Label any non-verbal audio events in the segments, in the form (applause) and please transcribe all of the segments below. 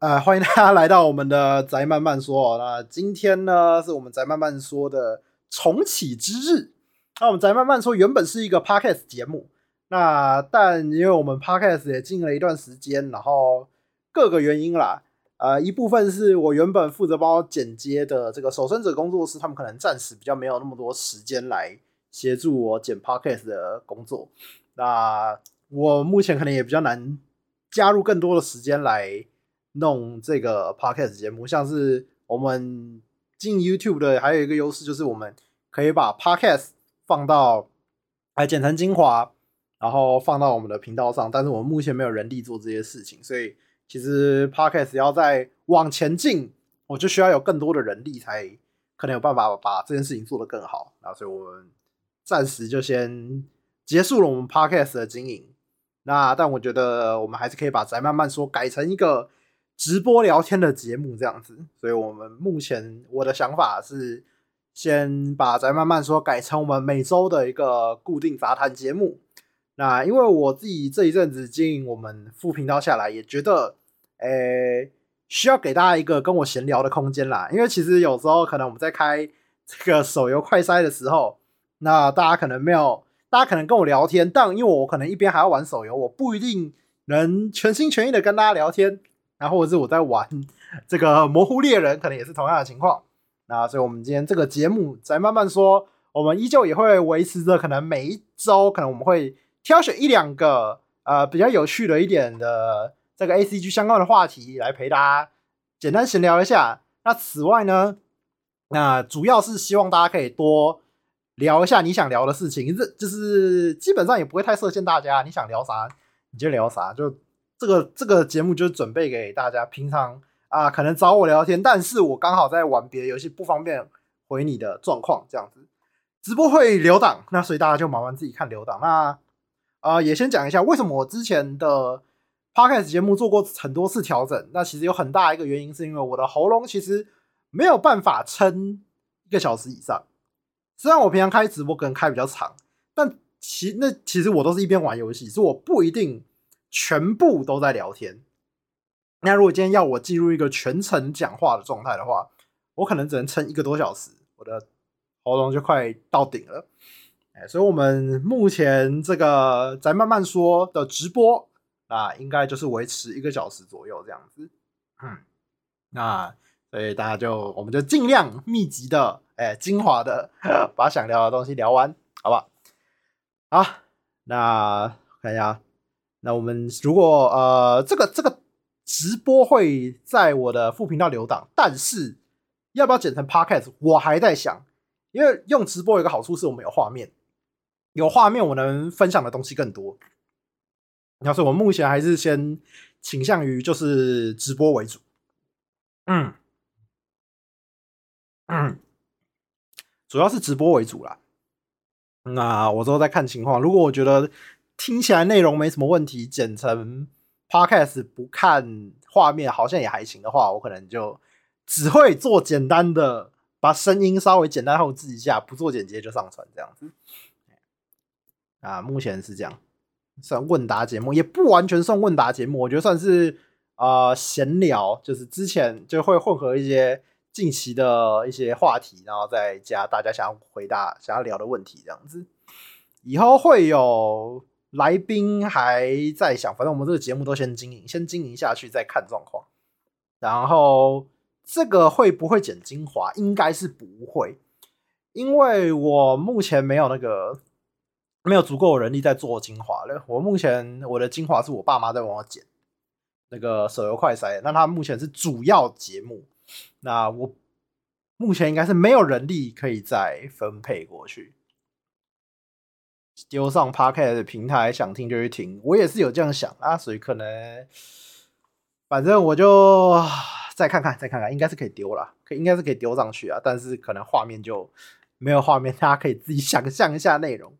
呃，歡迎大家來到我們的宅漫慢說哦。那今天呢，是我們宅漫慢說的重啟之日。那我們宅漫慢說原本是一個 Podcast 節目，那但因為我們 Podcast 也進了一段時間，然後各個原因啦，呃，一部分是我原本負責幫剪接的這個守伸者工作室，他們可能暫時比較沒有那麼多時間來協助我剪 Podcast 的工作。那我目前可能也比較難加入更多的時間來。弄這個 Podcast 節目，像是我們進 YouTube 的還有一個優勢，就是我們可以把 Podcast 放到，還剪成精華，然後放到我們的頻道上。但是我們目前沒有人力做這些事情，所以其實 Podcast 要再往前進，我就需要有更多的人力才可能有辦法把這件事情做得更好。那所以我們暫時就先結束了我們 Podcast 的經營。那但我覺得我們還是可以把宅漫慢說改成一個。直播聊天的節目這樣子，所以我們目前我的想法是先把《宅漫慢說》改成我們每周的一個固定雜談節目。那因為我自己這一陣子經營我們副頻道下來，也覺得，誒，需要給大家一個跟我閒聊的空間啦。因為其實有時候可能我們在開這個手遊快塞的時候，那大家可能沒有，大家可能跟我聊天，但因為我可能一邊還要玩手遊，我不一定能全心全意的跟大家聊天。然後或者是我在玩這個模糊獵人，可能也是同樣的情況。那所以，我們今天這個節目宅漫慢說，我們依舊也會維持着，可能每一周，可能我們會挑選一兩個呃比較有趣的一點的這個 ACG 相關的話題來陪大家簡單閒聊一下。那此外呢，那主要是希望大家可以多聊一下你想聊的事情，這就是基本上也不會太設限，大家你想聊啥你就聊啥就。這個這個節目就是準備給大家平常啊、呃，可能找我聊天，但是我剛好在玩別的遊戲，不方便回你的狀況，這樣子直播會留檔，那所以大家就麻煩自己看留檔。那呃，也先講一下為什麼我之前的 podcast 節目做過很多次調整。那其實有很大一個原因是因為我的喉嚨其實沒有辦法撐一個小時以上。雖然我平常開直播可能開比較長，但其那其實我都是一邊玩遊戲，所以我不一定。全部都在聊天。那如果今天要我進入一個全程講話的狀態的話，我可能只能撐一個多小時，我的喉嚨就快到頂了。哎、欸，所以我們目前這個宅漫慢說的直播啊，應該就是維持一個小時左右這樣子。嗯，那所以大家就我們就盡量密集的，哎、欸，精華的，把想聊的東西聊完，好吧？好，那我看一下。那我們如果呃，這個這個直播會在我的副頻道留檔，但是要不要剪成 Podcast，我還在想，因為用直播有一個好處是我們有畫面，有畫面我能分享的東西更多。你要說我目前還是先傾向於就是直播為主，嗯嗯，主要是直播為主啦。那我之後再看情況，如果我覺得。聽起來內容沒什麼問題，剪成 Podcast 不看畫面好像也還行的話，我可能就只會做簡單的，把聲音稍微簡單後製一下，不做剪接就上傳這樣子。啊，目前是這樣，算問答節目，也不完全算問答節目，我覺得算是啊呃、閒聊，就是之前就會混合一些近期的一些話題，然後再加大家想要回答、想要聊的問題這樣子。以後會有。來賓還在想，反正我們這個節目都先經營，先經營下去再看狀況。然後這個會不會剪精華？應該是不會，因為我目前沒有那個，沒有足夠的人力在做精華了。我目前我的精華是我爸媽在幫我剪那個手遊快篩，那他目前是主要節目，那我目前應該是沒有人力可以再分配過去。丟上 Podcast 的平台，想聽就去聽。我也是有這樣想啊，所以可能，反正我就再看看，再看看，應該是可以丟了，可應該是可以丟上去啊。但是可能畫面就沒有畫面，大家可以自己想象一下內容。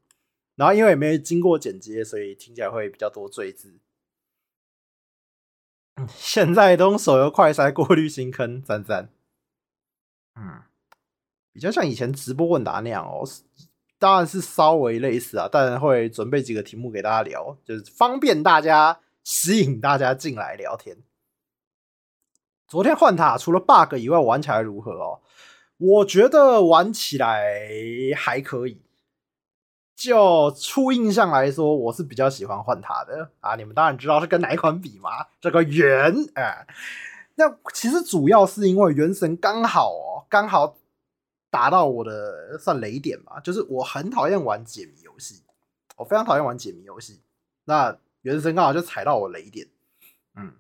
然後因為也沒有經過剪接，所以聽起來會比較多贅字。 (laughs) 現在都手遊快篩過濾新坑，贊贊。嗯，比較像以前直播問答那樣哦、喔。當然是稍微類似啊，但會準備幾個題目給大家聊，就是方便大家吸引大家進來聊天。昨天幻塔除了 bug 以外，玩起來如何哦？我覺得玩起來還可以，就初印象來說，我是比較喜歡幻塔的啊。你們當然知道是跟哪一款比嗎？這個原哎、嗯，那其實主要是因為原神剛好哦，剛好。達到我的算雷點吧，就是我很討厭玩解謎遊戲，我非常討厭玩解謎遊戲。那原神剛好就踩到我雷點，嗯，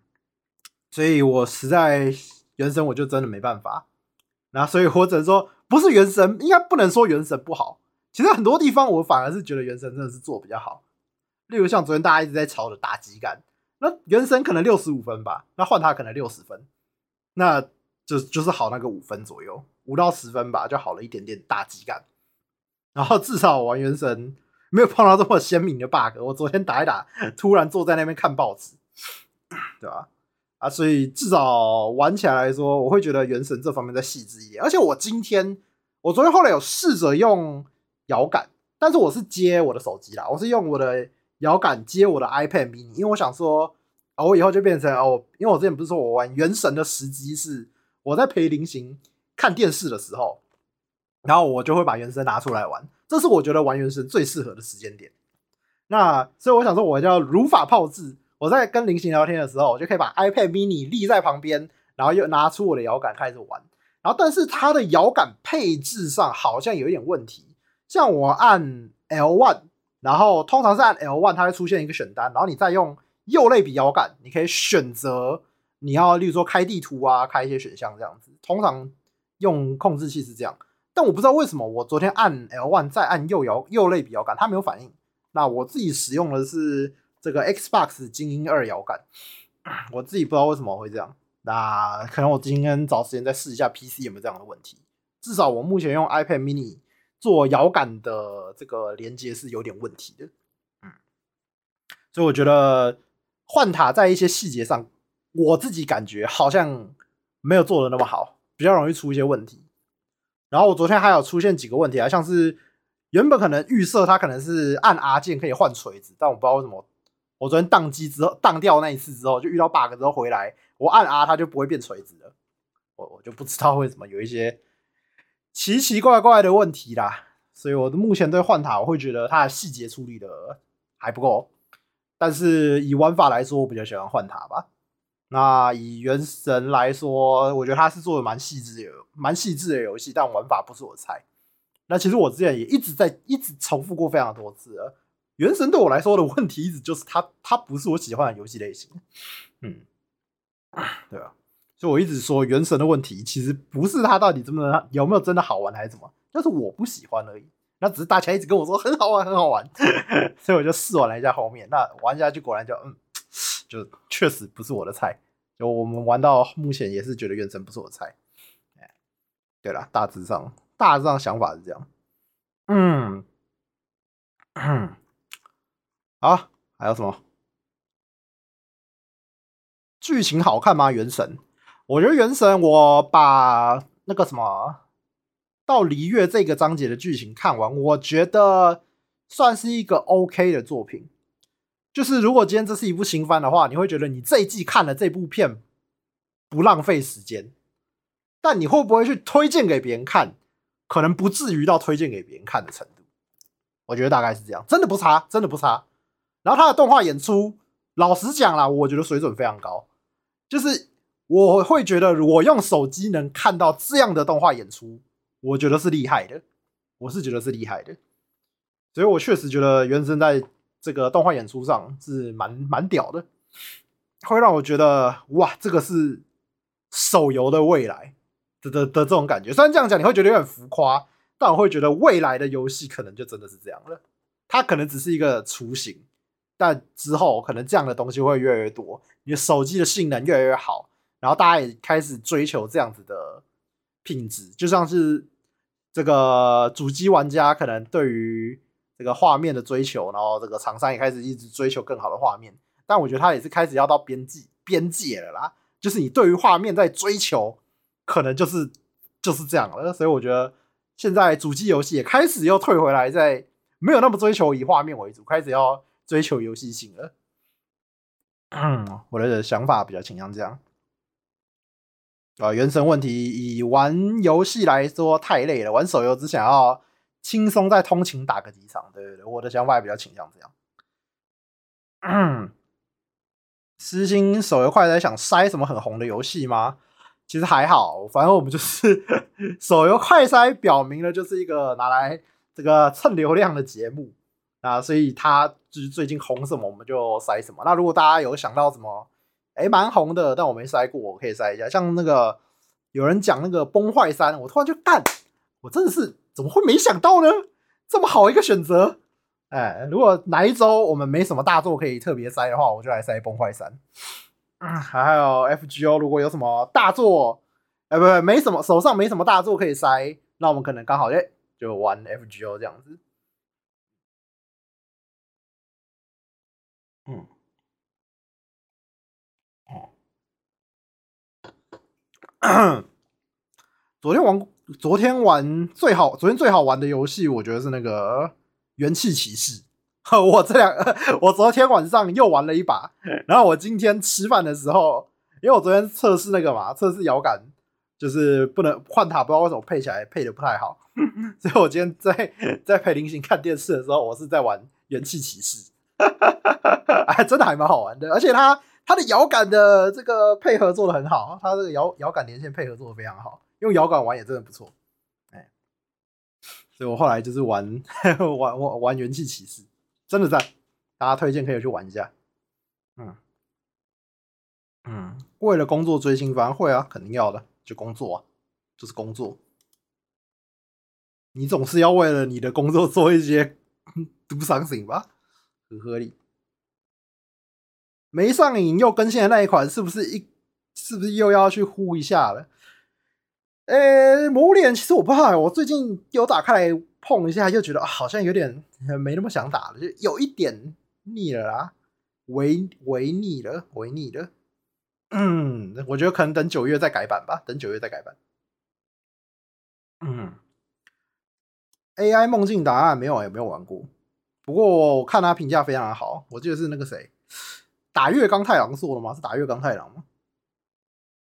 所以我實在原神我就真的沒辦法。那所以或者說，不是原神，應該不能說原神不好。其實很多地方我反而是覺得原神真的是做比較好。例如像昨天大家一直在吵的打擊感，那原神可能六十五分吧，那換他可能六十分，那就就是好那個五分左右。五到十分吧，就好了一點點打擊感。然後至少我玩原神沒有碰到這麼鮮明的 bug。我昨天打一打，突然坐在那邊看報紙，對吧、啊？啊，所以至少玩起來來說，我會覺得原神這方面再細緻一點。而且我今天，我昨天後來有試着用搖桿，但是我是接我的手機啦，我是用我的搖桿接我的 iPad mini，因為我想說，哦，我以後就變成哦，因為我之前不是說我玩原神的時機是我在陪林行看電視的時候，然後我就會把原神拿出來玩，這是我覺得玩原神最適合的時間點。那所以我想說，我要如法炮製。我在跟菱形聊天的時候，我就可以把 iPad Mini 立在旁邊，然後又拿出我的搖桿開始玩。然後，但是它的搖桿配置上好像有一點問題。像我按 L1，然後通常是按 L1，它會出現一個選單，然後你再用右類比搖桿，你可以選擇你要，例如說開地圖啊，開一些選項這樣子。通常用控制器是這樣，但我不知道為什麼我昨天按 L1 再按右搖右類比搖桿，它沒有反應。那我自己使用的是這個 Xbox 精英二搖桿，我自己不知道為什麼會這樣。那可能我今天找時間再試一下 PC 有沒有這樣的問題。至少我目前用 iPad Mini 做搖桿的這個連接是有點問題的。嗯，所以我覺得幻塔在一些細節上，我自己感覺好像沒有做的那麼好。比較容易出一些問題，然後我昨天還有出現幾個問題啊，像是原本可能預設它可能是按 R 鍵可以換錘子，但我不知道為什麼我昨天宕機之後宕掉那一次之後，就遇到 bug 之後回來，我按 R 它就不會變錘子了，我我就不知道為什麼有一些奇奇怪怪的問題啦，所以我目前對換塔，我會覺得它的細節處理的還不夠，但是以玩法來說，我比較喜歡換塔吧。那以原神來說，我覺得它是做的蠻細緻的，蠻細緻的遊戲，但玩法不是我的菜。那其實我之前也一直在一直重複過非常多次。原神對我來說的問題一直就是它，它不是我喜歡的遊戲類型。嗯，對啊，所以我一直說原神的問題其實不是它到底真的，有沒有真的好玩還是什麼，但是我不喜歡而已。那只是大家一直跟我說很好玩很好玩， (laughs) 所以我就試玩了一下後面，那玩下去果然就嗯。就確實不是我的菜，就我們玩到目前也是覺得原神不是我菜，哎，對了，大致上大致上想法是這樣，嗯，好、啊，還有什麼？劇情好看嗎？原神？我覺得原神，我把那個什麼到璃月這個章節的劇情看完，我覺得算是一個 OK 的作品。就是如果今天這是一部新番的話，你會覺得你這一季看了這部片不浪費時間，但你會不會去推薦給別人看？可能不至於到推薦給別人看的程度，我覺得大概是這樣，真的不差，真的不差。然後他的動畫演出，老實講啦，我覺得水準非常高。就是我會覺得，我用手機能看到這樣的動畫演出，我覺得是厲害的，我是覺得是厲害的。所以我確實覺得原神在，這個動畫演出上是蠻蠻屌的，會讓我覺得哇，這個是手遊的未來的的的這種感覺。雖然這樣講你會覺得有點浮誇，但我會覺得未來的遊戲可能就真的是這樣了。它可能只是一個雛形，但之後可能這樣的東西會越來越多。你的手機的性能越來越好，然後大家也開始追求這樣子的品質，就像是這個主機玩家可能對於。這個畫面的追求，然後這個廠商也開始一直追求更好的畫面，但我覺得他也是開始要到邊際邊界了啦，就是你對於畫面在追求，可能就是就是這樣了。所以我覺得現在主機遊戲也開始又退回來，在沒有那麼追求以畫面為主，開始要追求遊戲性了。嗯，我的想法比較傾向這樣。啊、呃，原神問題以玩遊戲來說太累了，玩手遊只想要。輕鬆在通勤打個幾場。對對對，我的想法也比較傾向這樣。嗯。 (coughs) 私心手遊快篩想篩什麼很紅的遊戲嗎？其實還好，反正我們就是 (laughs) 手遊快篩，表明了就是一個拿來這個蹭流量的節目啊，那所以它就是最近紅什麼我們就篩什麼。那如果大家有想到什麼，哎、欸，蠻紅的，但我沒篩過，我可以篩一下。像那個有人講那個崩壞三，我突然就幹，我真的是。怎麼會沒想到呢？這麼好一個選擇。哎，如果哪一周我們沒什麼大作可以特別塞的話，我就來塞崩壞三。嗯，還有 FGO，如果有什麼大作，哎，不不，沒什麼，手上沒什麼大作可以塞，那我們可能剛好就就玩 FGO 這樣子。嗯。嗯。咳咳。昨天玩過。昨天玩最好，昨天最好玩的遊戲，我覺得是那個《元氣騎士》。我這兩，我昨天晚上又玩了一把，然後我今天吃飯的時候，因為我昨天測試那個嘛，測試搖桿，就是不能換塔，不知道為什麼配起來配的不太好。所以，我今天在在陪林行看電視的時候，我是在玩《元氣騎士》，還真的還蠻好玩的，而且它它的搖桿的這個配合做的很好，它這個搖搖桿連線配合做的非常好。用搖桿玩也真的不錯，哎，所以我後來就是玩呵呵玩玩玩元氣騎士，真的讚，大家推薦可以去玩一下。嗯嗯，為了工作追星反而會啊，肯定要的，就工作啊，就是工作，你總是要為了你的工作做一些獨享型吧，很合理。沒上癮又更新的那一款，是不是一是不是又要去呼一下了？誒、欸，魔物獵人其實我不怕，我最近有打開來碰一下，又覺得好像有點沒那麼想打了，就有一點膩了啦，萎萎膩了，萎膩了。嗯，我覺得可能等九月再改版吧，等九月再改版。嗯，AI 夢境檔案，沒有也、欸、沒有玩過。不過我看他評價非常的好，我記得是那個誰打月剛太郎做的嗎？是打月剛太郎嗎？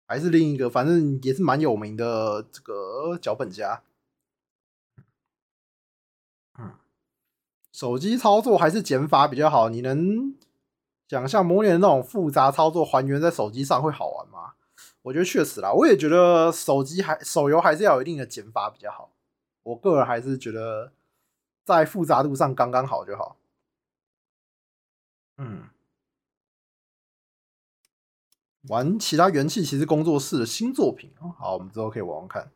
還是另一個，反正也是蠻有名的這個腳本家。嗯。手機操作還是減法比較好。你能想像模擬的那種複雜操作還原在手機上會好玩嗎？我覺得確實啦，我也覺得手機還手遊還是要有一定的減法比較好。我個人還是覺得在複雜度上剛剛好就好。嗯。玩其他元氣騎士工作室的新作品，哦，好，我們之後可以玩玩看。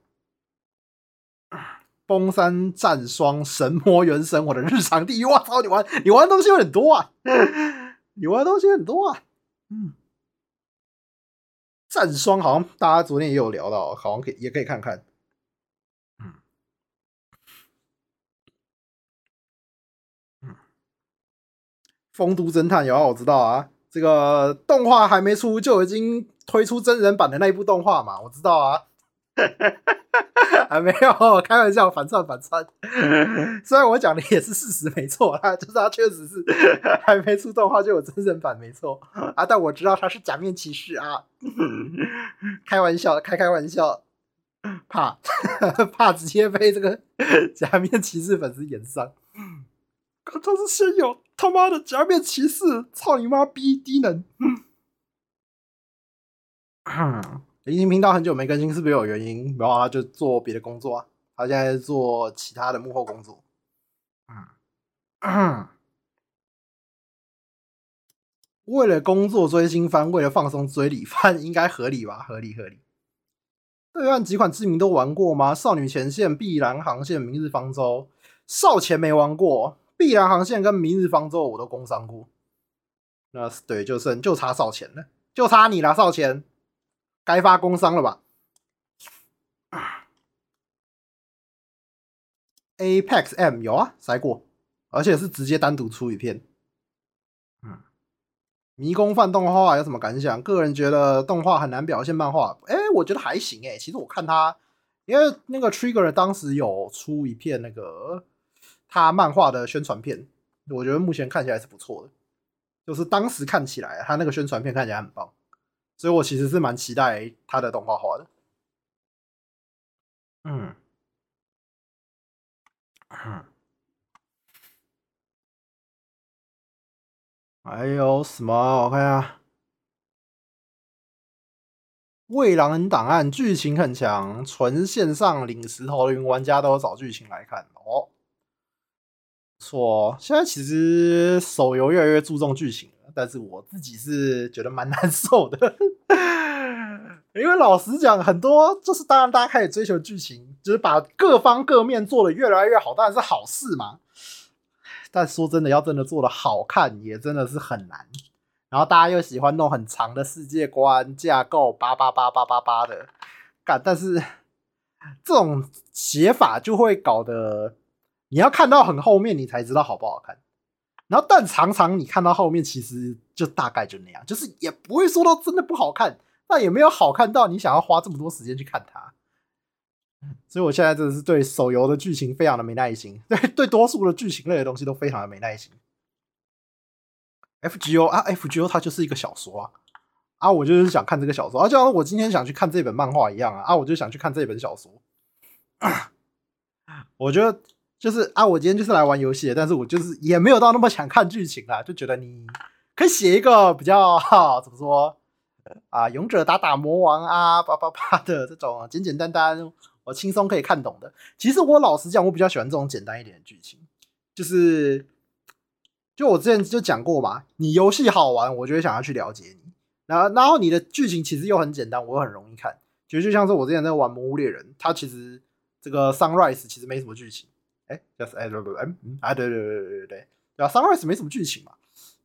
(laughs) 崩山戰霜、神魔原神，我的日常第一，我操，你玩你玩的東西有點多啊， (laughs) 你玩的東西很多啊，嗯，戰霜好像大家昨天也有聊到，好像可以也可以看看，嗯，風都偵探有啊，哦，我知道啊。這個動畫還沒出，就已經推出真人版的那一部動畫嘛？我知道啊，還沒有，開玩笑，反串，反串。雖然我講的也是事實沒錯啊，就是他確實是還沒出動畫就有真人版沒錯啊，但我知道他是假面騎士啊，開玩笑，開開玩笑，怕怕直接被這個假面騎士粉絲炎上，可他是先有。他媽的假面騎士，操你媽逼低能！嗯，嗯，林鑫頻道很久沒更新，是不是有原因？沒有啊，就做別的工作啊。他現在是做其他的幕後工作。嗯，嗯，為了工作追新番，為了放鬆追老番，應該合理吧？合理，合理。對岸幾款知名都玩過嗎？《少女前線》《碧藍航線》《明日方舟》《少前》沒玩過。碧藍航線跟明日方舟我都工商過，那是對，就剩就差少錢了，就差你了少錢，該發工商了吧？Apex M 有啊，塞過，而且是直接單獨出一片。嗯，迷宮飯動畫有什麼感想？個人覺得動畫很難表現漫畫，哎，我覺得還行哎、欸。其實我看他，因為那個 Trigger 當時有出一片那個。他漫畫的宣傳片，我覺得目前看起來是不錯的，就是當時看起來他那個宣傳片看起來很棒，所以我其實是蠻期待他的動畫化的。嗯，嗯，還有什麼、啊？我看一下，《蔚藍檔案》劇情很強，純線上領石頭的玩家都找劇情來看哦。錯，現在其實手遊越來越注重劇情，但是我自己是覺得蠻難受的，因為老實講，很多就是當然大家開始追求劇情，就是把各方各面做得越來越好，當然是好事嘛。但說真的，要真的做得好看，也真的是很難。然後大家又喜歡弄很長的世界觀架構，叭叭叭叭叭叭的，但但是這種寫法就會搞得。你要看到很後面，你才知道好不好看。然後，但常常你看到後面，其實就大概就那樣，就是也不會說到真的不好看，那也沒有好看到你想要花這麼多時間去看它。所以，我現在真的是對手遊的劇情非常的沒耐心，對對，多數的劇情類的東西都非常的沒耐心。F G O 啊，F G O 它就是一個小說啊，啊，我就是想看這個小說啊，就像我今天想去看這本漫畫一樣啊，啊，我就想去看這本小說。我覺得。就是啊，我今天就是來玩遊戲的，但是我就是也沒有到那麼想看劇情啦，就覺得你可以寫一個比較、啊、怎麼說啊，勇者打打魔王啊，叭叭叭的這種簡簡單單，我輕鬆可以看懂的。其實我老實講，我比較喜歡這種簡單一點的劇情。就是，就我之前就講過嘛，你遊戲好玩，我就會想要去了解你。然後，然後你的劇情其實又很簡單，我又很容易看。其實就像是我之前在玩《魔物獵人》，它其實這個《Sunrise》其實沒什麼劇情。哎，就是哎，對對，哎，嗯，啊，對對對對對對，然後、yeah, Sunrise 沒什麼劇情嘛，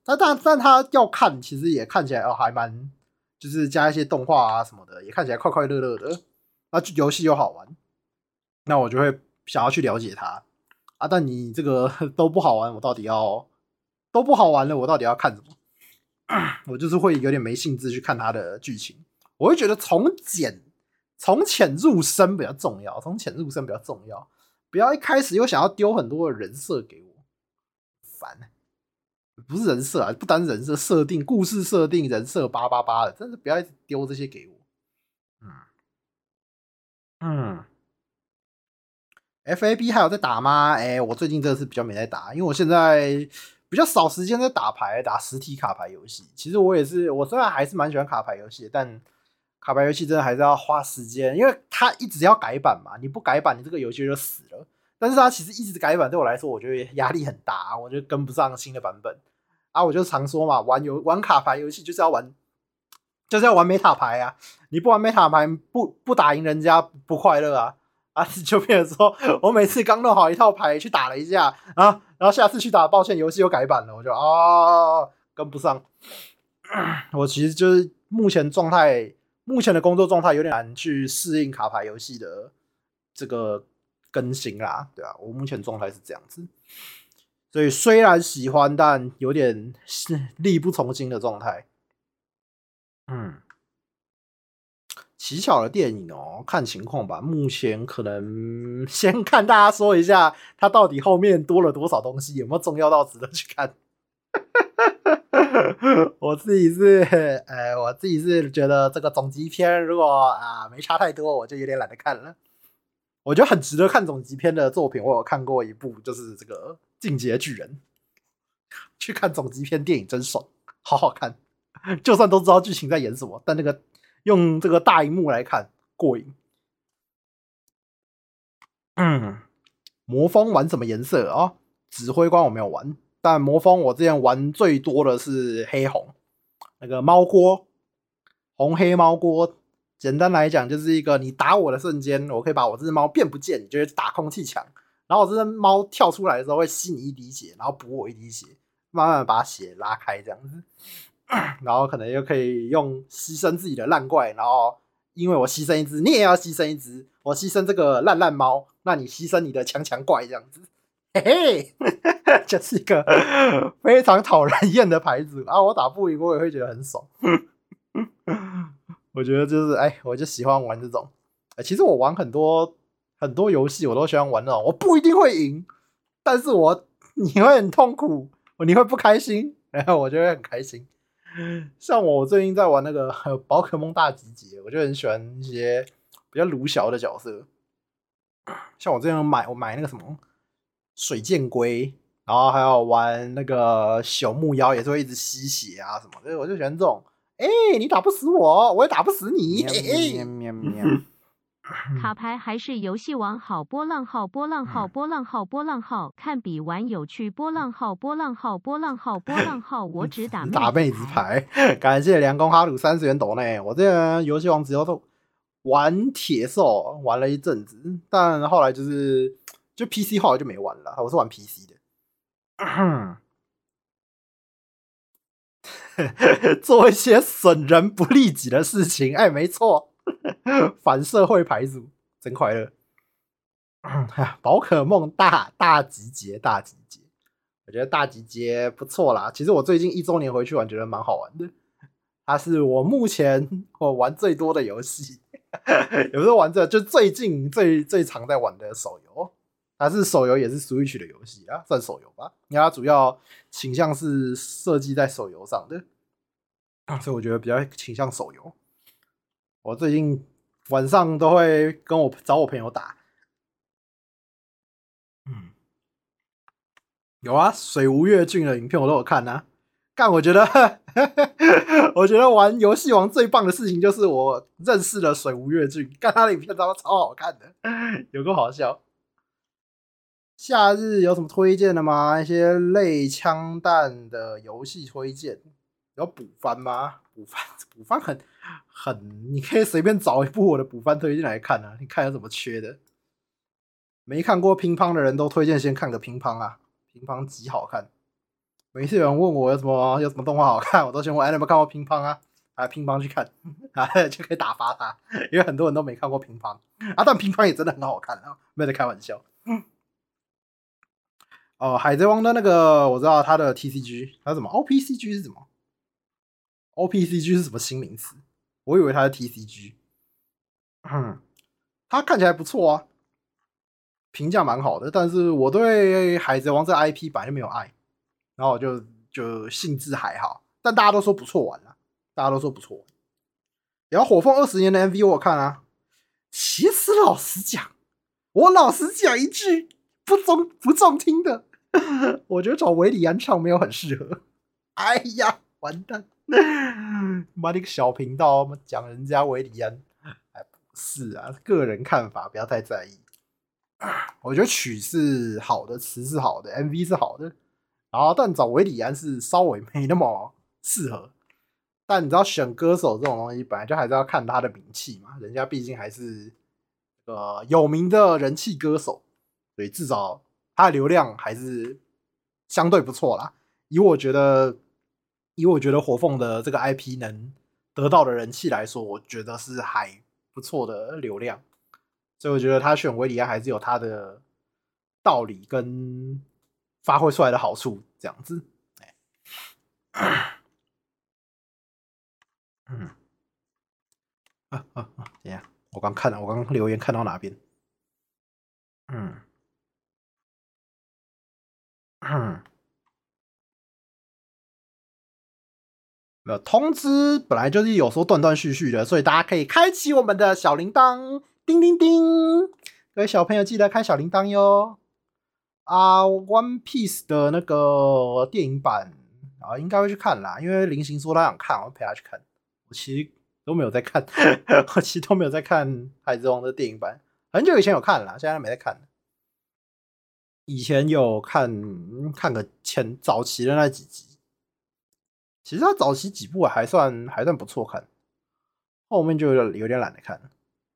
但但但他要看，其實也看起來哦，還蠻，就是加一些動畫啊什麼的，也看起來快快樂樂的，啊，遊戲又好玩，那我就會想要去了解它，啊，但你這個都不好玩，我到底要都不好玩了，我到底要看什麼？ (laughs) 我就是會有點沒興致去看它的劇情，我會覺得從簡，從淺入深比較重要，從淺入深比較重要。不要一開始又想要丟很多的人設給我，煩！不是人設啊，不單人設設定、故事設定、人設八八八的，真的不要一直丟這些給我。嗯嗯，FAB 還有在打嗎？誒，我最近真的是比較沒在打，因為我現在比較少時間在打牌、打實體卡牌遊戲。其實我也是，我雖然還是蠻喜歡卡牌遊戲，但。卡牌遊戲真的還是要花時間，因為它一直要改版嘛。你不改版，你這個遊戲就死了。但是它其實一直改版，對我來說我覺得壓力很大，啊，我就跟不上新的版本。啊，我就常說嘛，玩遊玩卡牌遊戲就是要玩，就是要玩美塔牌啊！你不玩美塔牌，不不打贏人家不快樂啊！啊，就比如說，我每次剛弄好一套牌去打了一下啊，然後下次去打，抱歉，遊戲又改版了，我就啊、哦、跟不上。我其實就是目前狀態。目前的工作狀態有點難去適應卡牌遊戲的這個更新啦，對吧？我目前狀態是這樣子，所以雖然喜歡，但有點力不從心的狀態。嗯，奇巧的電影哦，看情況吧。目前可能先看大家說一下，它到底後面多了多少東西，有沒有重要到值得去看？我自己是，呃，我自己是覺得這個總集片如果啊沒差太多，我就有點懶得看了。我覺得很值得看總集片的作品，我有看過一部，就是這個《進擊的巨人》。去看總集片電影真爽，好好看。就算都知道劇情在演什麼，但那個用這個大熒幕來看過癮。嗯，魔方玩什麼顏色哦？指揮官我沒有玩。但魔方我之前玩最多的是黑紅，那個貓鍋，紅黑貓鍋。簡單來講就是一個，你打我的瞬間，我可以把我這隻貓變不見，你就會打空氣牆。然後我這隻貓跳出來的時候會吸你一滴血，然後補我一滴血，慢慢把血拉開這樣子。然後可能又可以用犧牲自己的爛怪，然後因為我犧牲一隻，你也要犧牲一隻，我犧牲這個爛爛貓，那你犧牲你的強強怪這樣子。欸、嘿，這是一個非常討人厭的牌子啊！我打不贏，我也會覺得很爽。我覺得就是哎、欸，我就喜歡玩這種。欸、其實我玩很多很多遊戲，我都喜歡玩那種我不一定會贏，但是我你會很痛苦，你會不開心，欸、然後我就會很開心。像我最近在玩那個《寶可夢大集結》，我就很喜歡一些比較魯小的角色。像我這樣買我買那個什麼。水箭龜，然後還有玩那個小木妖，也是會一直吸血啊什麼，所以我就喜歡這種、欸。你打不死我，我也打不死你。咩、欸、咩卡牌還是遊戲王好，波浪號波浪號波、嗯、浪號波浪號，看比玩有趣。波浪號波浪號波浪號波浪號，我只打打妹子牌。感謝涼宮哈魯三十元斗內。我這遊戲王主要都玩鐵獸，玩了一陣子，但後來就是。就 PC 後來就沒玩了，我是玩 PC 的， (laughs) 做一些損人不利己的事情。哎、欸，沒錯， (laughs) 反社會牌組真快樂。嗯， (laughs) 寶可夢大大集結大集結，我覺得大集結不錯啦。其實我最近一周年回去玩，覺得蠻好玩的。它是我目前我玩最多的遊戲，有時候玩着就最近最最常在玩的手遊。還是手遊也是 Switch 的遊戲啊，算手遊吧。因為它主要傾向是設計在手遊上的，所以我覺得比較傾向手遊。我最近晚上都會跟我找我朋友打、嗯。有啊，水無月俊的影片我都有看啊。看，我覺得， (laughs) 我覺得玩遊戲王最棒的事情就是我認識了水無月俊，看他的影片真的超好看的，有夠好笑。夏日有什麼推薦的嗎？一些類槍彈的遊戲推薦，有補番嗎？補番補番很很，你可以隨便找一部我的補番推薦來看啊。你看有什麼缺的？沒看過乒乓的人都推薦先看個乒乓啊，乒乓極好看。每次有人問我有什麼有什麼動畫好看，我都先問哎你有沒有看過乒乓啊？啊乒乓去看啊，就可以打發他，因為很多人都沒看過乒乓啊，但乒乓也真的很好看啊，沒得開玩笑。哦、呃，海賊王的那個我知道，他的 T C G，他什麼 O P C G 是什麼？O P C G 是什麼新名詞？我以為他是 T C G，嗯，他看起來不錯啊，評價蠻好的，但是我對海賊王這 I P 本來就沒有愛，然後就就興致還好，但大家都說不錯玩了、啊，大家都說不錯玩。然後火鳳二十年的 M V 我看啊，其實老實講，我老實講一句。不中不中聽的， (laughs) 我覺得找韋禮安唱沒有很適合。 (laughs) 哎呀，完蛋！媽，這個小頻道講人家韋禮安，哎，不是啊，個人看法，不要太在意。 (laughs) 我覺得曲是好的，詞是好的，MV 是好的。然後，但找韋禮安是稍微沒那麼適合。但你知道，選歌手這種東西，本來就還是要看他的名氣嘛。人家畢竟還是呃有名的人氣歌手。所以至少它的流量還是相對不錯啦，以我覺得，以我覺得火鳳的這個 IP 能得到的人氣來說，我覺得是還不錯的流量。所以我覺得他選韋禮安還是有他的道理跟發揮出來的好處，這樣子。 (coughs) 嗯，啊啊啊！等、啊、下，我剛看了，我剛剛留言看到哪邊？嗯。嗯，沒有，通知本來就是有時候斷斷續續的，所以大家可以開啟我們的小鈴鐺，叮叮叮！各位小朋友記得開小鈴鐺喲。啊，One Piece 的那個電影版啊，應該會去看啦，因為林行說他想看，我陪他去看。我其實都沒有在看， (laughs) 我其實都沒有在看《海賊王》的電影版，很久以前有看了，現在沒在看。以前有看，看個前早期的那幾集，其實他早期幾部還算還算不錯看，後面就有點懶得看了。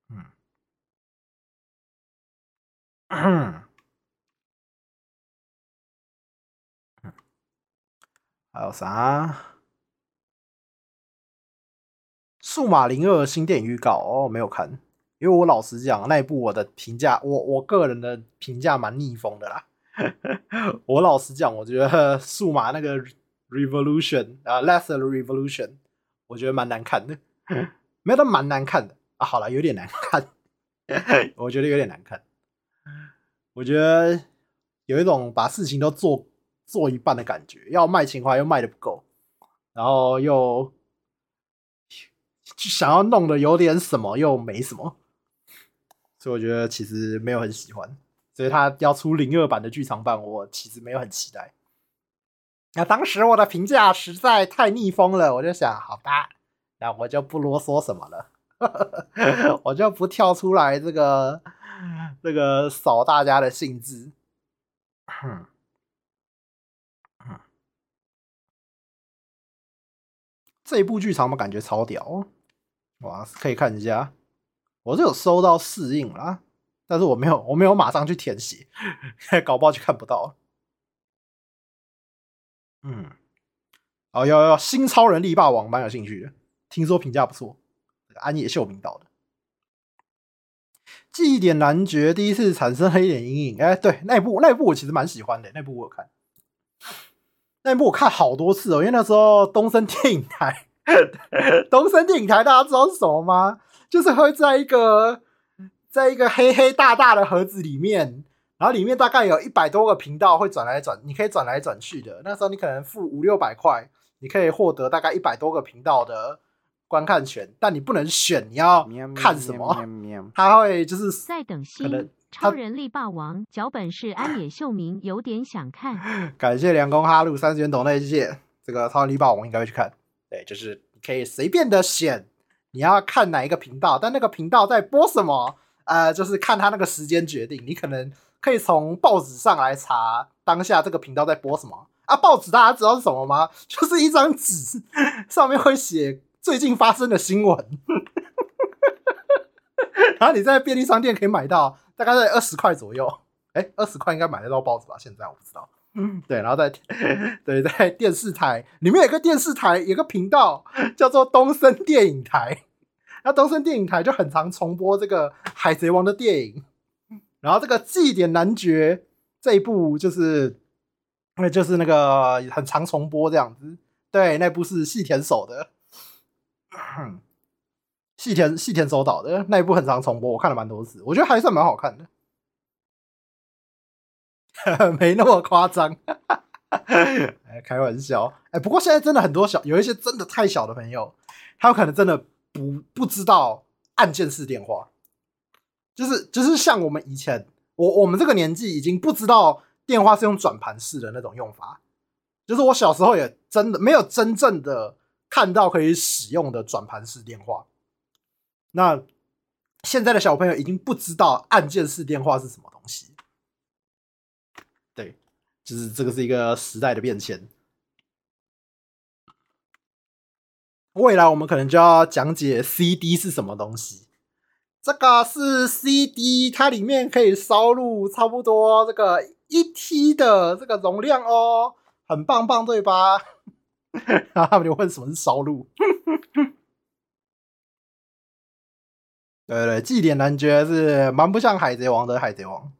嗯，嗯， (coughs) 還有啥？《數碼零二》新電影預告哦，沒有看。因為我老實講，那一部我的評價，我我個人的評價蠻逆風的啦。 (laughs) 我老實講，我覺得《數碼那個 Revolution, uh, Revolution (laughs) 》啊，《Last Revolution》，我覺得蠻難看的，沒得蠻難看的啊。好了，有點難看， (laughs) 我覺得有點難看。我覺得有一種把事情都做做一半的感覺，要賣情懷又賣的不夠，然後又就想要弄的有點什麼又沒什麼。所以我覺得其實沒有很喜歡，所以他要出零二版的劇場版，我其實沒有很期待。那當時我的評價實在太逆風了，我就想，好吧，那我就不囉嗦什麼了， (laughs) 我就不跳出來這個這個掃大家的興致。這一部劇場嘛，感覺超屌，哇，可以看一下。我是有收到適應啦，但是我沒有，我沒有馬上去填寫，搞不好就看不到。嗯，哦，有，有，要新超人力霸王，蠻有興趣的，聽說評價不錯，庵野秀明導的《記憶點男爵》第一次產生黑點陰影。哎、欸，對，那一部那一部我其實蠻喜歡的，那一部我有看，那一部我看好多次哦，因為那時候東森電影台， (laughs) 東森電影台大家知道是什麼嗎？就是會在一個，在一個黑黑大大的盒子裡面，然後裡面大概有一百多個頻道會轉來轉，你可以轉來轉去的。那時候你可能付五六百塊，你可以獲得大概一百多個頻道的觀看權，但你不能選你要看什麼，他會就是在等新超人力霸王腳本是庵野秀明，有點想看。 (laughs) 感謝涼宮哈路三十元斗內一薦，這個超人力霸王應該會去看。對，就是可以隨便的選。你要看哪一個頻道，但那個頻道在播什麼，呃，就是看它那個時間決定。你可能可以從報紙上來查當下這個頻道在播什麼。啊，報紙大家知道是什麼嗎？就是一張紙，上面會寫最近發生的新聞， (laughs) 然後你在便利商店可以買到，大概在二十塊左右。哎，二十塊應該買得到包子吧？現在我不知道。嗯，對，然後在對在電視台裡面有一個電視台，有一個頻道叫做東森電影台。那東森電影台就很常重播這個《海賊王》的電影。然後這個《祭典男爵》這一部就是，那就是那個很常重播這樣子。對，那部是細田守的，嗯哼，細田細田守導的那部很常重播，我看了蠻多次，我覺得還算蠻好看的。 (laughs) 沒那麼誇張，哈哈哈，開玩笑，哎，不過現在真的很多小，有一些真的太小的朋友，他有可能真的不不知道按鍵式電話，就是就是像我們以前，我我們這個年紀已經不知道電話是用轉盤式的那種用法，就是我小時候也真的沒有真正的看到可以使用的轉盤式電話，那現在的小朋友已經不知道按鍵式電話是什麼了。就是這個是一個時代的變遷。未來我們可能就要講解 CD 是什麼東西。這個是 CD，它裡面可以燒錄差不多這個一 T 的這個容量哦，很棒棒，對吧？然後他們就問什麼是燒錄。對對對，祭典男爵是蠻不像海賊王的海賊王。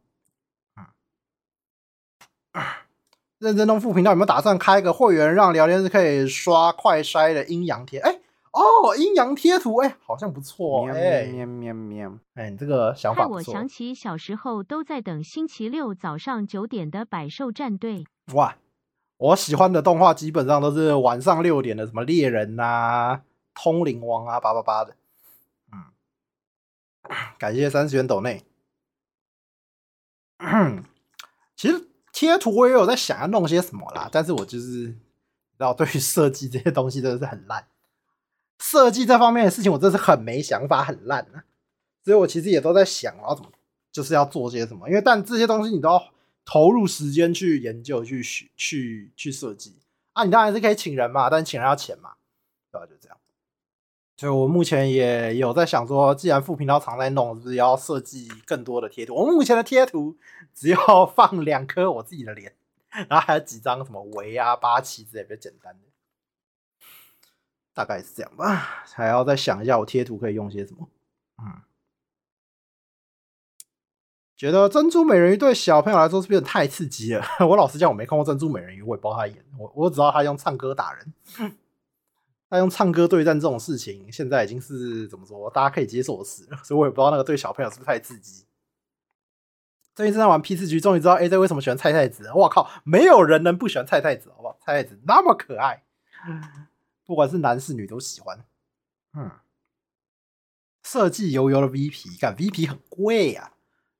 認真動副頻道有沒有打算開個會員，讓聊天室可以刷快篩的陰陽貼？哎、oh, 哦，陰陽貼圖哎，好像不錯哎。喵喵喵，喵，喵喵喵！喵，哎，這個想法不錯。讓我想起小時候都在等星期六早上九點的百獸《百獸戰隊》。哇，我喜歡的動畫基本上都是晚上六點的，什麼獵人吶、啊、通靈王啊，叭叭叭的。嗯，感謝三十元抖內。 (coughs) 其實。貼圖我也有在想要弄些什麼啦，但是我就是，你知道對於設計這些東西真的是很爛，設計這方面的事情，我真的是很沒想法，很爛啊。所以我其實也都在想，我要怎麼就是要做些什麼，因為但這些東西你都要投入時間去研究，去去去設計啊。你當然是可以請人嘛，但請人要錢嘛，對吧？就這樣。所以我目前也有在想說，既然副頻道常在弄，是不是也要設計更多的貼圖？我目前的貼圖只要放兩顆我自己的臉，然後還有幾張什麼圍啊、八旗之類比較簡單的，大概是這樣吧。還要再想一下，我貼圖可以用些什麼。嗯，覺得珍珠美人魚對小朋友來說是不是有點太刺激了？我老實講，我沒看過珍珠美人魚，我也包他演。我我只知道他用唱歌打人。但用唱歌對戰這種事情，現在已經是怎麼說，大家可以接受的事，所以我也不知道那個對小朋友是不是太刺激。最近正在玩 P 四局，終於知道 A Jie 為什麼喜歡菜菜子。我靠，沒有人能不喜歡菜菜子，好不好？菜菜子那麼可愛，不管是男是女都喜歡。嗯，設計油油的 V P，看 V P 很貴啊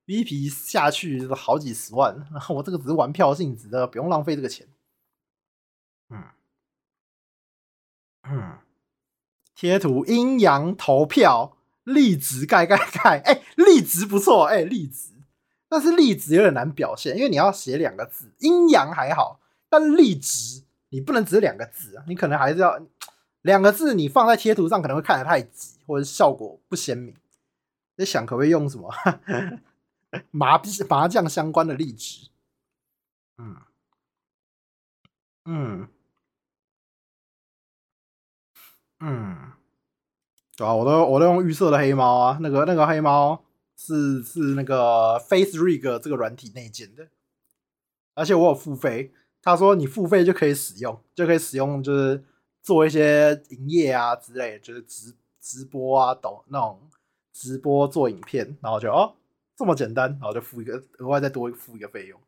，V P 下去好幾十萬。我這個只是玩票性質的，不用浪費這個錢。嗯，貼圖陰陽投票立直蓋蓋蓋，哎，立直、欸、不錯，哎、欸，立直，但是立直有點難表現，因為你要寫兩個字，陰陽還好，但立直你不能只是兩個字啊，你可能還是要兩個字，你放在貼圖上可能會看得太急，或者效果不鮮明。在想可不可以用什麼呵呵麻麻麻將相關的立直，嗯，嗯。嗯，對啊，我都我都用預設的黑貓啊，那個那個黑貓是是那個 Face Rig 這個軟體內建的，而且我有付費，他說你付費就可以使用，就可以使用，就是做一些營業啊之類，就是直直播啊，懂那種直播做影片，然後就哦這麼簡單，然後就付一個額外再多付一個費用。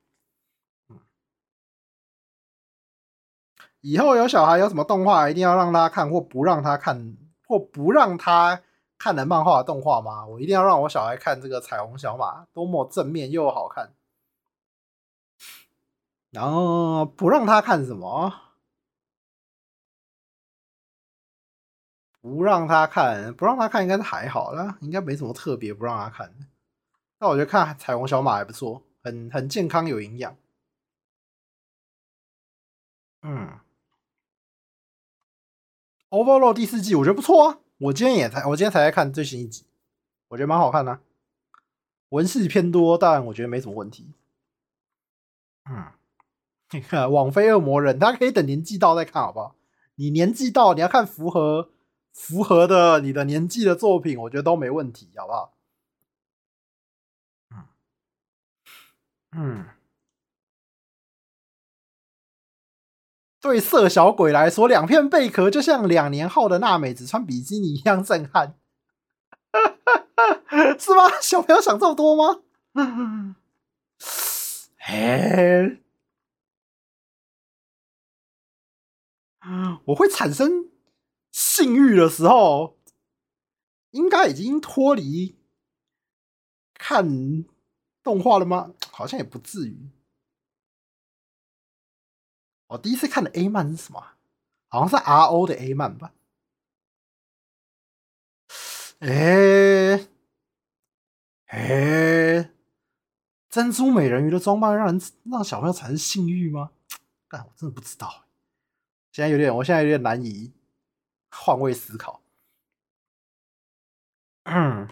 以後有小孩有什麼動畫一定要讓他看，或不讓他看，或不讓他看漫畫的漫畫動畫嗎？我一定要讓我小孩看這個彩虹小馬，多麼正面又好看。然後不讓他看什麼？不讓他看，不讓他看，應該還好啦，應該沒什麼特別不讓他看。那我覺得看彩虹小馬還不錯，很很健康，有營養。嗯。Overlord 第四季我覺得不錯啊，我今天也才我今天才在看最新一集，我覺得蠻好看的，啊，文戲偏多，但我覺得沒什麼問題。嗯，網飛惡魔人，大家可以等年紀到再看好不好？你年紀到，你要看符合符合的你的年紀的作品，我覺得都沒問題，好不好？嗯。嗯對色小鬼來說，兩片貝殼就像兩年後的娜美只穿比基尼一樣震撼， (laughs) 是嗎？小朋友想這麼多嗎？哎， (laughs) (laughs) 我會產生性欲的時候，應該已經脫離看動畫了嗎？好像也不至於。我第一次看的 A 漫是什麼、啊？好像是 RO 的 A 漫吧？誒、欸、誒、欸、珍珠美人魚的裝扮讓人讓小朋友產生性欲嗎？但我真的不知道、欸，現在有點，我現在有點難以換位思考。嗯、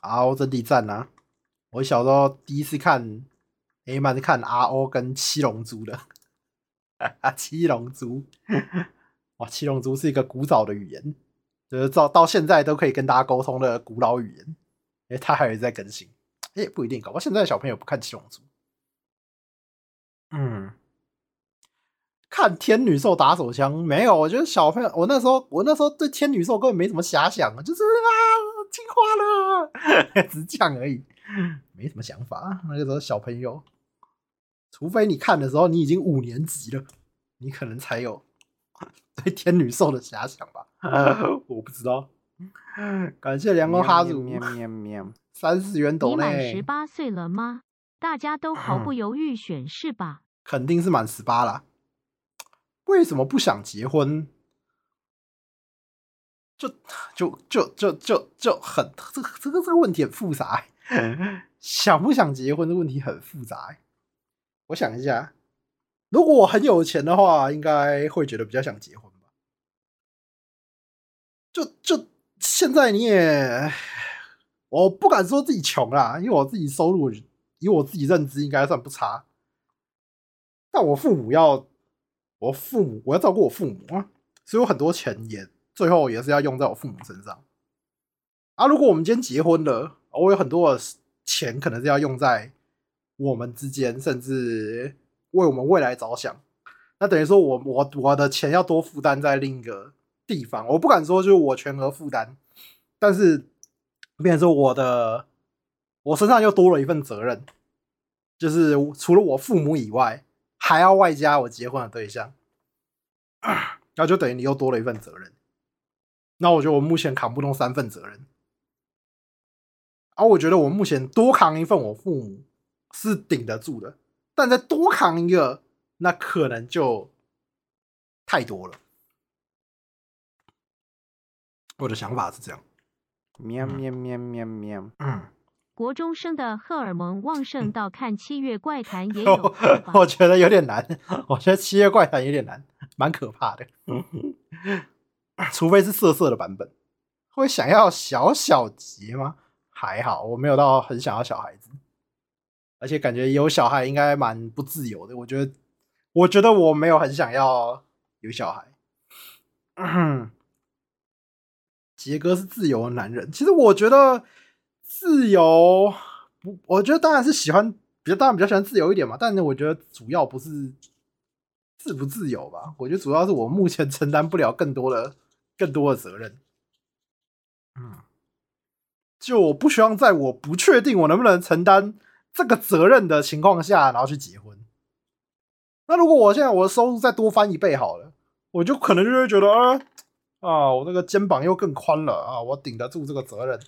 RO 真的讚啊！我小時候第一次看 A 漫是看 RO 跟七龍珠的。七龍珠，哇！七龍珠是一個古早的語言，就是到到現在都可以跟大家溝通的古老語言。哎，它還有在更新，哎、欸，不一定，搞到現在小朋友不看七龍珠。嗯，看天女獸打手槍沒有？我覺得小朋友，我那時候，我那時候對天女獸根本沒什麼遐想，就是啊，進化了，只是這樣而已，沒什麼想法。那個時候小朋友。除非你看的時候，你已經五年級了，你可能才有對天女獸的遐想吧。 (laughs) (laughs) 我不知道。 (laughs) 感謝梁公哈主，三十元抖。你滿十八歲了嗎？大家都毫不猶豫選是吧？嗯、肯定是滿十八了。為什麼不想結婚？就就就就就就很這這個這個問題很複雜、欸。 (laughs) 想不想結婚的問題很複雜、欸。我想一下，如果我很有錢的話，應該會覺得比較想結婚吧。就就現在你也，我不敢說自己窮啦，因為我自己收入以我自己認知應該算不差。但我父母要，我父母我要照顧我父母啊，所以我很多錢也最後也是要用在我父母身上。啊，如果我們今天結婚了，我有很多錢可能是要用在。我們之間，甚至為我們未來着想，那等於說我，我我我的錢要多負擔在另一個地方。我不敢說就是我全額負擔，但是變成說我的我身上又多了一份責任，就是除了我父母以外，還要外加我結婚的對象，那就等於你又多了一份責任。那我覺得我目前扛不動三份責任，啊，而我覺得我目前多扛一份我父母。是頂得住的，但再多扛一個，那可能就太多了。我的想法是這樣。喵喵喵喵喵喵。嗯。國中生的荷爾蒙旺盛到看《七月怪談》也有。我覺得有點難。我覺得《七月怪談》有點難，蠻可怕的。 (laughs) 除非是澀澀的版本。會想要小小杰嗎？還好，我沒有到很想要小孩子。而且感覺有小孩應該蠻不自由的，我覺得，我覺得我沒有很想要有小孩。杰 (coughs) 哥是自由的男人，其實我覺得自由，我覺得當然是喜歡比較，當然比較喜歡自由一點嘛。但是我覺得主要不是自不自由吧，我覺得主要是我目前承擔不了更多的更多的責任。嗯，就我不希望在我不確定我能不能承擔。這個責任的情況下，然後去結婚。那如果我現在我的收入再多翻一倍好了，我就可能就會覺得，啊啊，我這個肩膀又更寬了啊，我頂得住這個責任。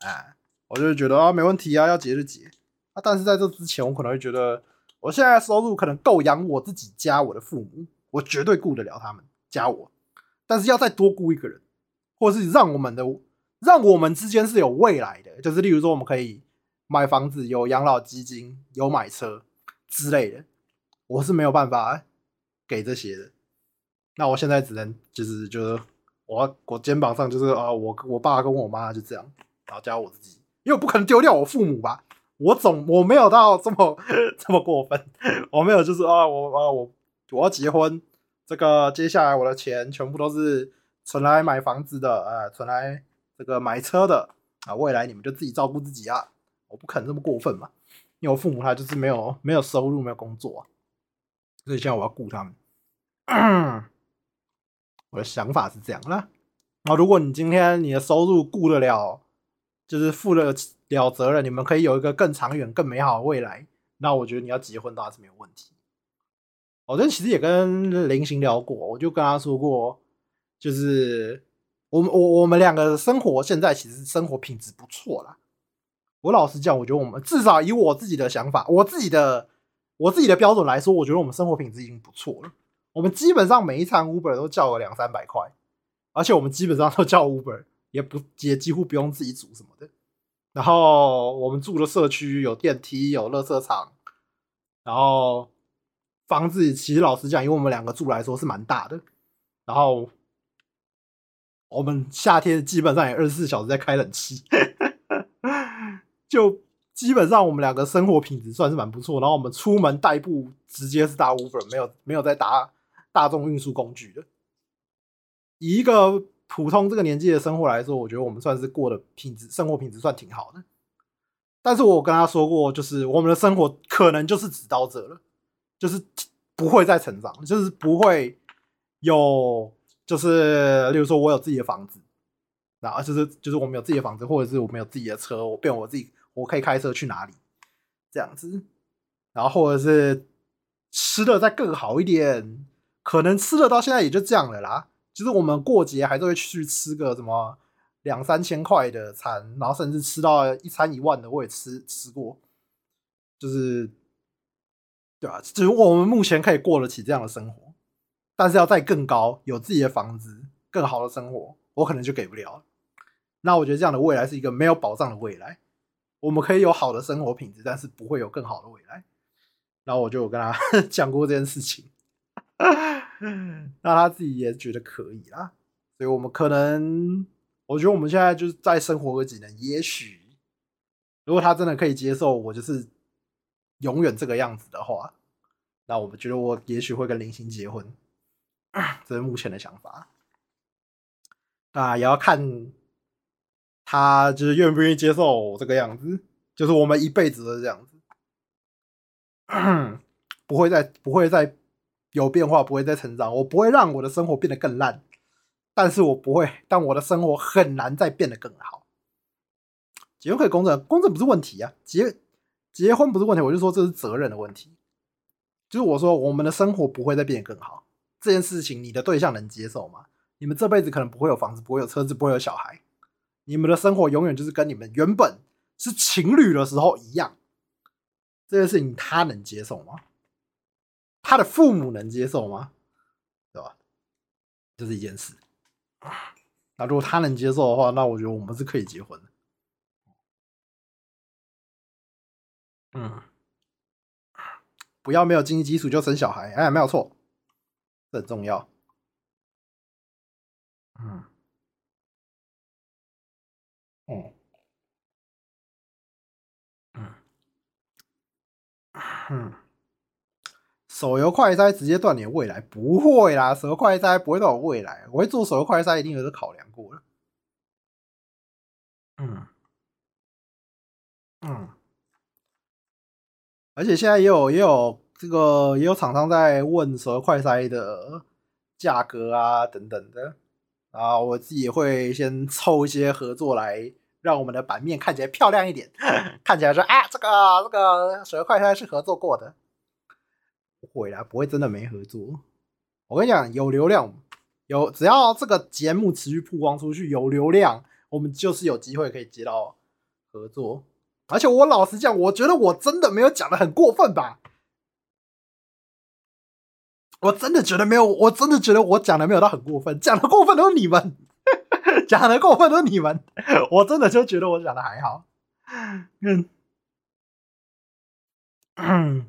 哎、啊，我就會覺得啊，沒問題啊，要結就結。啊，但是在這之前，我可能會覺得，我現在收入可能夠養我自己加我的父母，我絕對顧得了他們加我。但是要再多僱一個人，或者是讓我們的，讓我們之間是有未來的，就是例如說我們可以。買房子，有養老基金，有買車之類的，我是沒有辦法給這些的。那我現在只能就是就是我我肩膀上就是啊，我我爸跟我媽就這樣，然後加我自己，因為我不可能丟掉我父母吧？我總我沒有到這麼這麼過分，我沒有就是啊我啊我我要結婚，這個接下來我的錢全部都是存來買房子的啊，存來這個買車的啊，未來你們就自己照顧自己啊。我不可能這麼過分嘛，因為我父母他就是沒有沒有收入，沒有工作，所以現在我要顧他們。我的想法是這樣啦，如果你今天你的收入顧得了，就是負得了責任，你們可以有一個更長遠、更美好的未來，那我覺得你要結婚倒是沒有問題。我這其實也跟林行聊過，我就跟他說過，就是我們我我們兩個生活現在其實生活品質不錯啦。我老實講，我覺得我們至少以我自己的想法，我自己的我自己的標準來說，我覺得我們生活品質已經不錯了。我們基本上每一餐 Uber 都叫個兩三百塊，而且我們基本上都叫 Uber，也不也幾乎不用自己煮什麼的。然後我們住的社區有電梯，有垃圾場，然後房子其實老實講，因為我們兩個住來說是蠻大的。然後我們夏天基本上也二十四小時在開冷氣。就基本上我們兩個生活品質算是蠻不錯，然後我們出門代步直接是搭 Uber，沒有沒有在搭大眾運輸工具的。以一個普通這個年紀的生活來說，我覺得我們算是過的品質生活品質算挺好的。但是我跟他說過，就是我們的生活可能就是止到這了，就是不會再成長，就是不會有，就是例如說我有自己的房子，然後就是就是我們有自己的房子，或者是我們有自己的車，我變我自己。我可以開車去哪裡？這樣子，然後或者是吃的再更好一點，可能吃的到現在也就這樣了啦。其實我們過節還是會去吃個什麼兩三千塊的餐，然後甚至吃到一餐一萬的，我也吃吃過。就是對吧？只是我們目前可以過得起這樣的生活，但是要再更高，有自己的房子，更好的生活，我可能就給不了了。那我覺得這樣的未來是一個沒有保障的未來。我們可以有好的生活品質，但是不會有更好的未來。然後我就跟他講 (laughs) 過這件事情， (laughs) 那他自己也覺得可以啦。所以，我們可能，我覺得我們現在就是再生活個幾年，也許如果他真的可以接受我，就是永遠這個樣子的話，那我們覺得我也許會跟林星結婚， (laughs) 這是目前的想法。那也要看。他就是願不願意接受這個樣子，就是我們一輩子都這樣子， (coughs) 不會再，不會再有變化，不會再成長。我不會讓我的生活變得更爛，但是我不會，但我的生活很難再變得更好。結婚可以公證，公證不是問題啊，結結婚不是問題，我就說這是責任的問題。就是我說我們的生活不會再變得更好，這件事情你的對象能接受嗎？你們這輩子可能不會有房子，不會有車子，不會有小孩。你們的生活永遠就是跟你們原本是情侶的時候一樣，這件事情他能接受嗎？他的父母能接受嗎？對吧？這是一件事。那如果他能接受的話，那我覺得我們是可以結婚的。嗯，不要沒有經濟基礎就生小孩。哎，沒有錯，這很重要。嗯，手遊快哉直接斷你的未來？不會啦，手遊快哉不會斷我未來，我會做手遊快哉一定有考量過了。嗯嗯，而且現在也有，也有這個，也有廠商在問手遊快哉的價格啊等等的，啊，我自己也會先湊一些合作來，讓我們的版面看起來漂亮一點，看起來說啊，這個這個水二塊是合作過的，不會啦，不會，真的沒合作。我跟你講，有流量，有只要這個節目持續曝光出去，有流量，我們就是有機會可以接到合作。而且我老實講，我覺得我真的沒有講的很過分吧，我真的覺得沒有，我真的覺得我講的沒有到很過分，講的過分都是你們。講的過分都是你們，我真的就覺得我講的還好。嗯，嗯，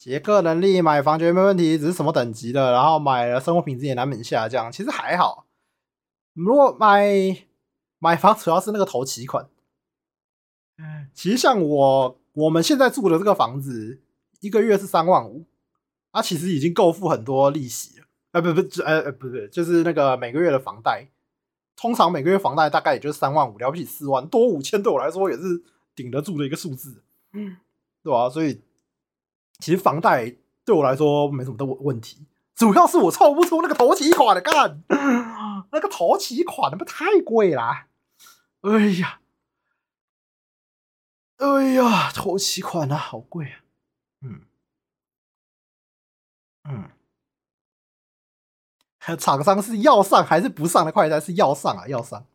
傑克能力買房絕對沒問題，只是什麼等級的，然後買了生活品質也難免下降，其實還好。如果買買房，主要是那個頭期款。其實像我我們現在住的這個房子，一個月是三萬五，啊其實已經夠付很多利息了。啊，欸、不不，呃呃，不是，就是那個每個月的房貸，通常每個月房貸大概也就三萬五，了不起四萬多五千，對我來說也是頂得住的一個數字，嗯，對吧？所以其實房貸對我來說沒什麼的問題。嗯、主要是我湊不出那個頭期款來幹，嗯、那個頭期款那不太貴啦，哎呀，哎呀，頭期款啊，好貴啊，嗯，嗯。廠商是要上還是不上的？快賽是要上啊，要上。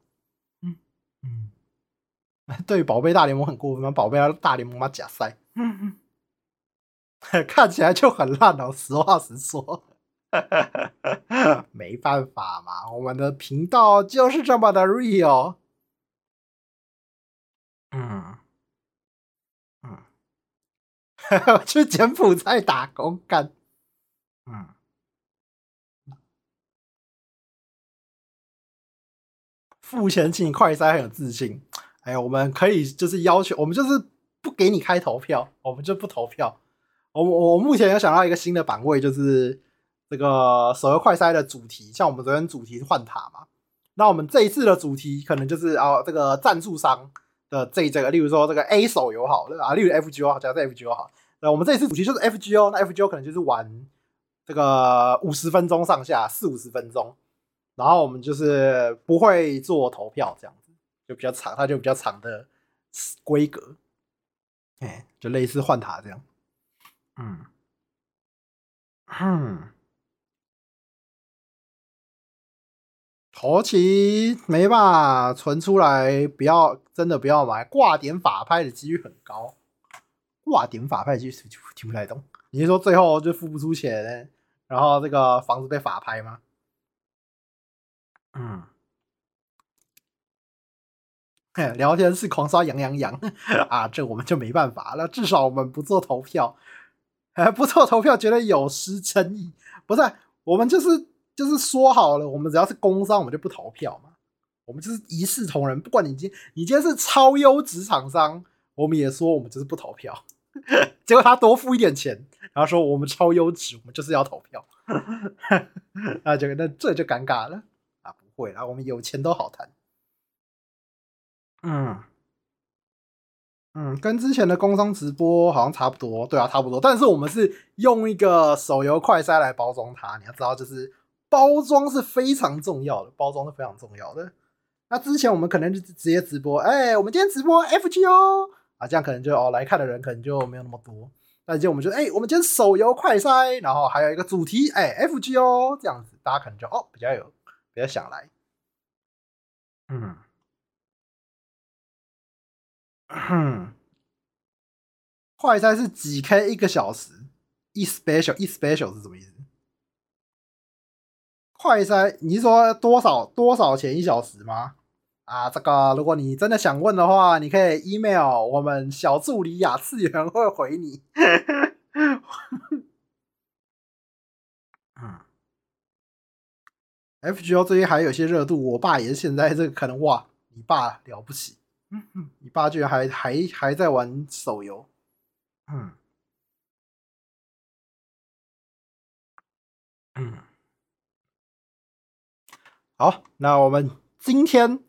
嗯、對，寶貝大聯盟很過分嗎？寶貝大聯盟嗎？假賽、嗯， (laughs) 看起來就很爛哦，實話實說， (laughs) 沒辦法嘛，我們的頻道就是這麼的 real。嗯嗯，嗯 (laughs) 去柬埔寨打工幹，嗯。付錢請快塞，很有自信，哎呀，我們可以就是要求，我們就是不給你開投票，我們就不投票。我我目前有想到一個新的版位，就是這個手遊快塞的主題。像我們昨天主題是換塔嘛，那我們這一次的主題可能就是啊，這個贊助商的這這個，例如說這個 A 手遊好，啊，例如 FGO 好，加 FGO 好。那我們這一次主題就是 FGO，那 FGO 可能就是玩這個五十分鐘上下，四五十分鐘。然後我們就是不會做投票這樣子，就比較長，它就比較長的規格，哎，就類似換塔這樣，嗯，哼。頭期沒辦法存出來，不要真的不要買。掛點法拍的幾率很高，掛點法拍其實就聽不太懂，你是說最後就付不出錢，然後這個房子被法拍嗎？嗯，聊天室狂刷羊羊羊啊，這我們就沒辦法了。至少我們不做投票，哎、啊，不做投票覺得有失誠意。不是，我們就是就是說好了，我們只要是工商，我們就不投票嘛。我們就是一視同仁，不管你今你今天是超優質廠商，我們也說我們就是不投票。結果他多付一點錢，然後說我們超優質，我們就是要投票。啊，這個那這就尷尬了。會啦，我們有錢都好談。嗯嗯，跟之前的工商直播好像差不多，對啊，差不多。但是我們是用一個手遊快篩來包裝它，你要知道，就是包裝是非常重要的，包裝是非常重要的。那之前我們可能就直接直播，哎、欸，我們今天直播 FGO 啊，這樣可能就哦來看的人可能就沒有那麼多。那今天我們就哎、欸，我們今天手遊快篩，然後還有一個主題，哎、欸、FGO，這樣子大家可能就哦比較有。不要想來，嗯，啊、哼，快篩是幾 K 一個小時？Especial，Especial 是什麼意思？快篩你是說多少多少錢一小時嗎？啊，這個如果你真的想問的話，你可以 email 我們小助理雅、啊、次元會回你。 (laughs) FGO 最近還有些熱度，我爸也是現在這個，可能哇，你爸了不起，嗯，你爸居然還還還在玩手遊，嗯嗯，好，那我們今天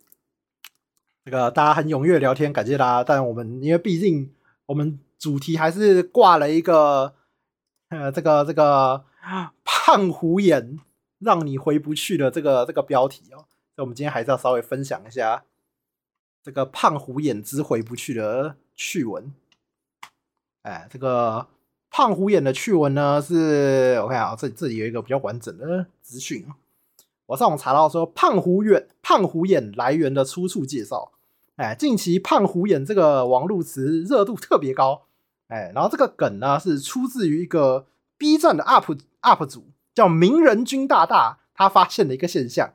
這個大家很踴躍聊天，感謝大家，但我們因為畢竟我們主題還是掛了一個呃這個這個胖虎眼。讓你回不去的這個這個標題哦、喔，所以我們今天還是要稍微分享一下這個“胖虎眼”之回不去的趣聞。哎，這個“胖虎眼”的趣聞呢，是我看啊，這裡這裡有一個比較完整的資訊。我上網查到說，“胖虎眼”“胖虎眼”來源的出處介紹。哎，近期“胖虎眼”這個網絡詞熱度特別高。哎，然後這個梗呢，是出自於一個 B 站的 UP UP 主。叫名人君大大，他發現了一個現象。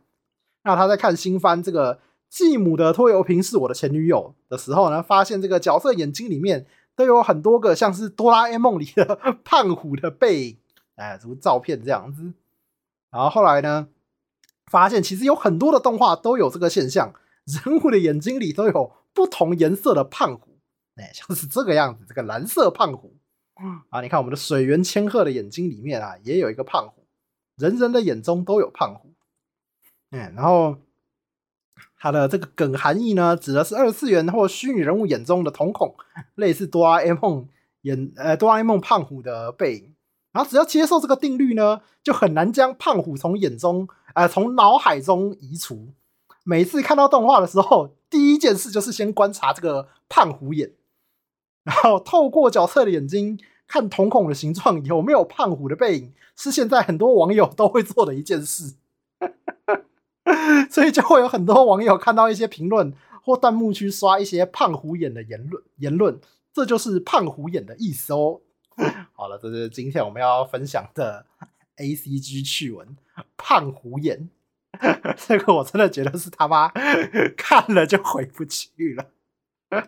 那他在看新番《這個繼母的拖油瓶是我的前女友》的時候呢，發現這個角色眼睛裡面都有很多個像是哆啦 A 夢裡的胖虎的背影，哎，什麼照片這樣子。然後後來呢，發現其實有很多的動畫都有這個現象，人物的眼睛裡都有不同顏色的胖虎。哎，像是這個樣子，這個藍色胖虎。啊，你看我們的水原千鶴的眼睛裡面啊，也有一個胖虎。人人的眼中都有胖虎，嗯，然後它的這個梗含義呢，指的是二次元或虛擬人物眼中的瞳孔，類似哆啦 A 夢眼，呃，哆啦 A 夢胖虎的背影。然後只要接受這個定律呢，就很難將胖虎從眼中，呃，從腦海中移除。每次看到動畫的時候，第一件事就是先觀察這個胖虎眼，然後透過角色的眼睛。看瞳孔的形狀，有沒有胖虎的背影，是現在很多網友都會做的一件事，所以就會有很多網友看到一些評論或彈幕去刷一些胖虎眼的言論，言論，這就是胖虎眼的意思哦。好了，這是今天我們要分享的 ACG 趣聞，胖虎眼，這個我真的覺得是他媽看了就回不去了。 (laughs)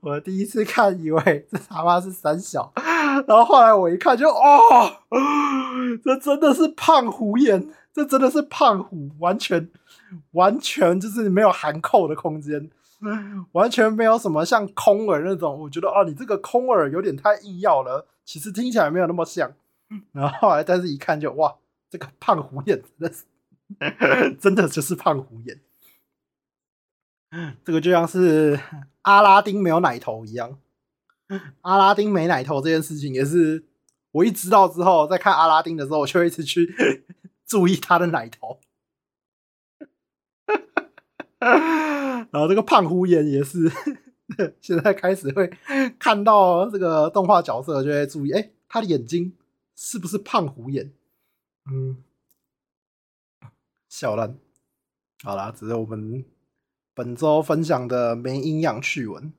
我第一次看，以為這他媽是三小，然後後來我一看就，就哦，這真的是胖虎眼，這真的是胖虎，完全完全就是沒有含扣的空間，完全沒有什麼像空耳那種。我覺得哦，你這個空耳有點太硬要了，其實聽起來沒有那麼像。然後後來，但是，一看就哇，這個胖虎眼真的是，真的就是胖虎眼。這個就像是阿拉丁沒有奶頭一樣。阿拉丁沒奶頭這件事情也是我一知道之後，在看阿拉丁的時候，我就會一直去注意他的奶頭。然後這個胖虎眼也是，現在開始會看到這個動畫角色就會注意，哎，他的眼睛是不是胖虎眼？嗯，小蘭。好啦，只是我們，本週分享的沒營養趣聞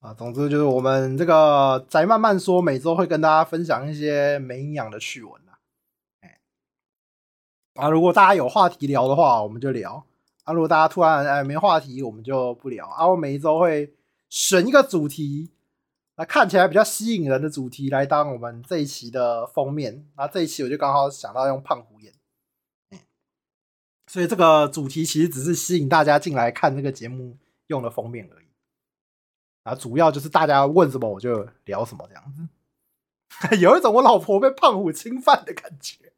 啊，總之就是我們這個宅漫慢說每週會跟大家分享一些沒營養的趣聞哎，啊，啊，如果大家有話題聊的話，我們就聊；啊，如果大家突然哎沒話題，我們就不聊。啊，我每一週會選一個主題，那看起來比較吸引人的主題來當我們這一期的封面。啊，這一期我就剛好想到用胖虎演。所以這個主題其實只是吸引大家進來看這個節目用的封面而已，啊，主要就是大家問什麼我就聊什麼這樣子，有一種我老婆被胖虎侵犯的感覺。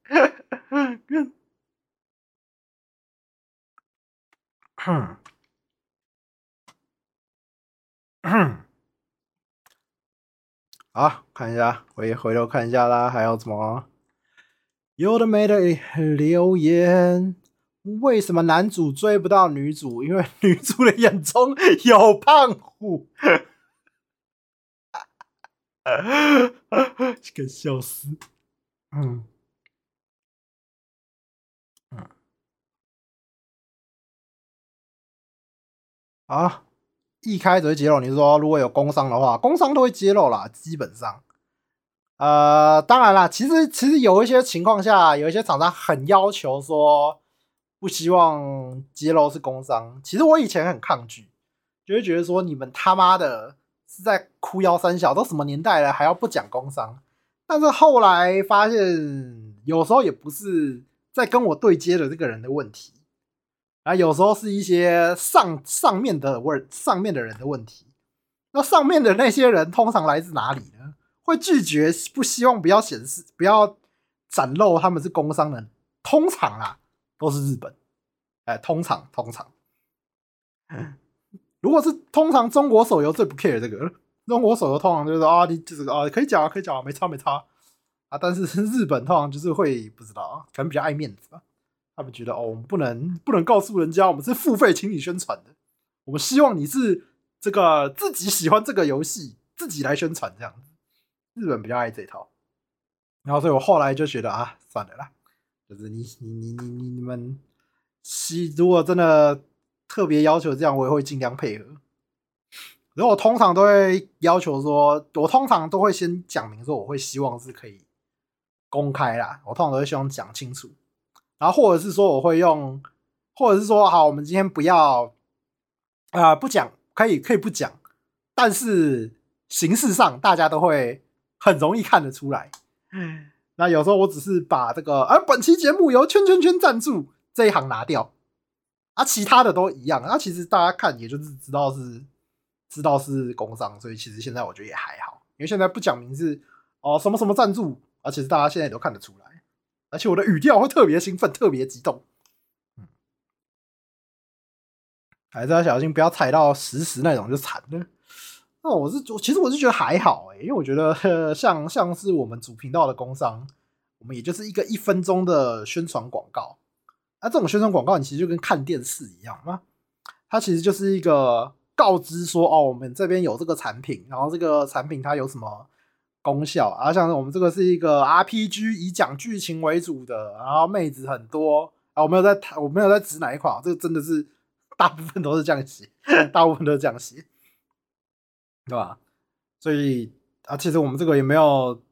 哼，好，看一下，我回頭看一下啦，還有什麼？有的沒的留言。為什麼男主追不到女主？因為女主的眼中有胖虎，這 (laughs) (laughs) 個笑死。嗯嗯啊！一開始會揭露。你說如果有工傷的話，工傷都會揭露啦，基本上。呃，當然啦，其實其實有一些情況下，有一些廠商很要求說。不希望揭露是工商。其實我以前很抗拒，就會覺得說，你們他媽的是在哭腰三小，都什麼年代了，還要不講工商？但是後來發現，有時候也不是在跟我對接的這個人的問題，然、啊、有時候是一些上上面的問上面的人的問題。那上面的那些人通常來自哪裡呢？會拒絕不希望不要顯示不要展露他們是工商的，通常啊。都是日本，哎、欸，通常通常， (laughs) 如果是通常中國手遊最不 care 這個，中國手遊通常就是啊，你就是啊，可以講啊，可以講啊，沒差、啊、沒差啊，啊但是日本通常就是會不知道啊，可能比較愛面子吧，他們覺得哦，我們不能不能告訴人家我們是付費請你宣傳的，我們希望你是這個自己喜歡這個遊戲自己來宣傳這樣子，日本比較愛這一套，然後所以我後來就覺得啊，算了啦。就是你你你你你們如果真的特別要求這樣，我也會盡量配合。如果我通常都會要求說，我通常都會先講明說，我會希望是可以公開啦。我通常都會希望講清楚，然後或者是說我會用，或者是說好，我們今天不要啊、呃、不講，可以可以不講，但是形式上大家都會很容易看得出來。嗯。那有時候我只是把這個，而、啊、本期節目由圈圈圈贊助這一行拿掉啊，其他的都一樣啊。其實大家看也就是知道是知道是工商，所以其實現在我覺得也還好，因為現在不講名字哦、呃，什麼什麼贊助，啊、其實大家現在也都看得出來，而且我的語調會特別興奮，特別激動。嗯，還是要小心，不要踩到實時那種就慘了。那我是我其實我是覺得還好哎、欸，因為我覺得呵像像是我們主頻道的工商，我們也就是一個一分鐘的宣傳廣告。那、啊、這種宣傳廣告，你其實就跟看電視一樣嘛，它其實就是一個告知說哦，我們這邊有這個產品，然後這個產品它有什麼功效。啊，像是我們這個是一個 RPG 以講劇情為主的，然後妹子很多啊，我沒有在談，我沒有在指哪一款、啊，這個真的是大部分都是這樣寫，大部分都是這樣寫。對吧？所以啊，其實我們這個也沒有，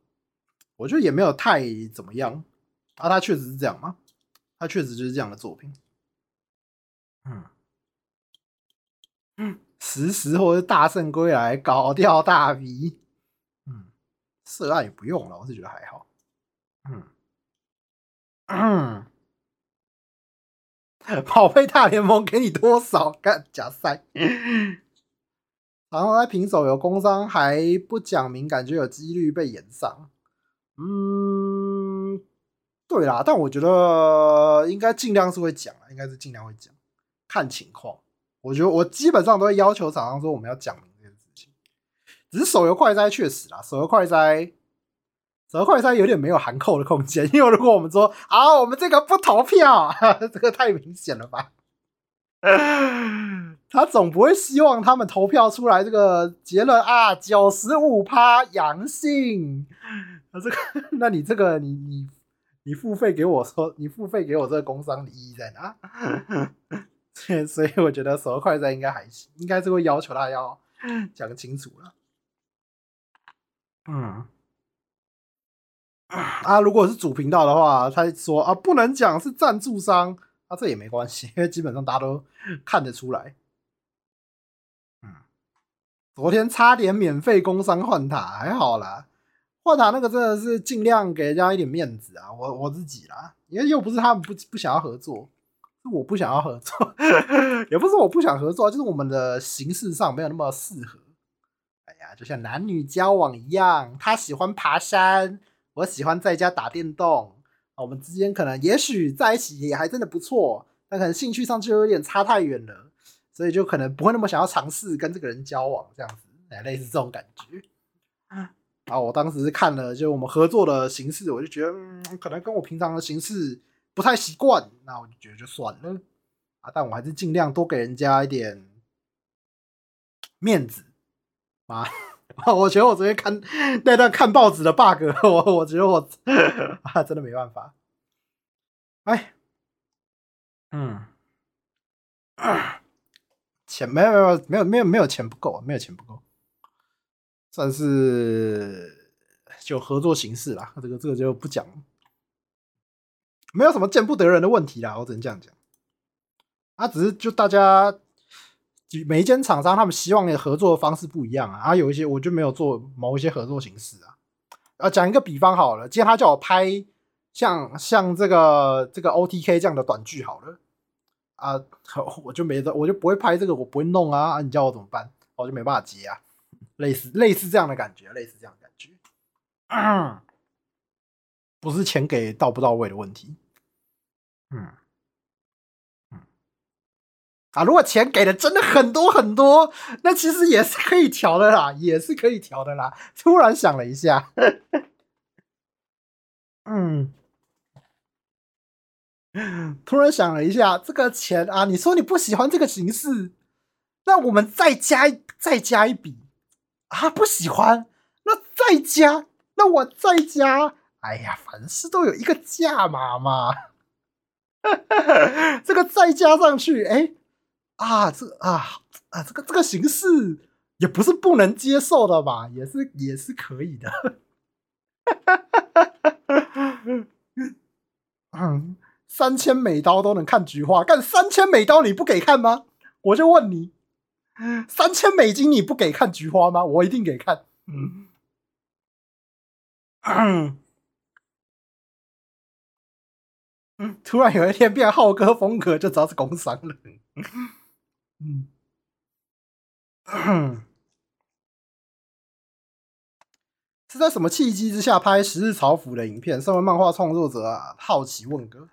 我覺得也沒有太怎麼樣。啊，他確實是這樣嘛。他確實就是這樣的作品。嗯嗯，實時或者大聖歸來搞掉大 V。嗯，色案也不用了，我是覺得還好。嗯嗯，跑 (laughs) 飛大聯盟給你多少？看假賽。 (laughs) 然後在評手遊工商還不講明，感覺有幾率被炎上。嗯，對啦，但我覺得應該盡量是會講，應該是盡量會講，看情況。我覺得我基本上都會要求廠商說，我們要講明這件事情。只是手遊快哉確實啦，手遊快哉，手遊快哉有點沒有含扣的空間，因為如果我們說啊，我們這個不投票，呵呵這個太明顯了吧？ (laughs) 他總不會希望他們投票出來這個結論啊，九十五趴陽性，那、啊、這個，那你這個，你你你付費給我說，你付費給我這個工商的意義在哪？ (laughs) 所以我覺得十二快哉應該還行，應該是會要求他要講清楚了。嗯，啊，如果是主頻道的話，他說啊，不能講是贊助商，啊，這也沒關係，因為基本上大家都看得出來。昨天差點免費工傷換塔，還好啦。換塔那個真的是盡量給人家一點面子啊，我我自己啦，因為又不是他們不不想要合作，是我不想要合作， (laughs) 也不是我不想合作，就是我們的形式上沒有那麼適合。哎呀，就像男女交往一樣，他喜歡爬山，我喜歡在家打電動，我們之間可能也許在一起也還真的不錯，但可能興趣上就有點差太遠了。所以就可能不會那麼想要嘗試跟這個人交往，這樣子，類似這種感覺。啊，我當時看了，就我們合作的形式，我就覺得，可能跟我平常的形式不太習慣，那我就覺得就算了。啊，但我還是儘量多給人家一點面子。啊，我覺得我昨天看那段看報紙的 bug，我我覺得我真的沒辦法。哎，嗯。錢沒有沒有沒有沒有沒有錢不夠，啊，沒有錢不夠，算是就合作形式啦，這個這個就不講了，沒有什麼見不得人的問題啦，我只能這樣講。啊，只是就大家每每一間廠商他們希望的合作方式不一樣啊，啊，有一些我就沒有做某一些合作形式啊。啊，講一個比方好了，今天他叫我拍像像這個這個 OTK 這樣的短劇好了。啊好，我就沒我就不會拍這個，我不會弄啊，啊，你叫我怎麼辦？我就沒辦法接啊，類似類似這樣的感覺，類似這樣的感覺，嗯，不是錢給到不到位的問題，嗯嗯，啊，如果錢給的真的很多很多，那其實也是可以調的啦，也是可以調的啦。突然想了一下，呵呵嗯。突然想了一下，這個錢啊，你說你不喜歡這個形式，那我們再加再加一筆啊，不喜歡，那再加，那我再加，哎呀，凡事都有一個價碼嘛， (laughs) 這個再加上去，哎、欸，啊這啊啊這個這個形式也不是不能接受的吧，也是也是可以的，哈， (laughs) 嗯。三千美刀都能看菊花，幹三千美刀你不給看嗎？我就問你，三千美金你不給看菊花嗎？我一定給看。嗯，嗯，突然有一天變浩哥風格，就知道是工商了嗯。嗯，是在什麼契機之下拍《十日朝服》的影片？身為漫畫創作者啊，好奇問哥。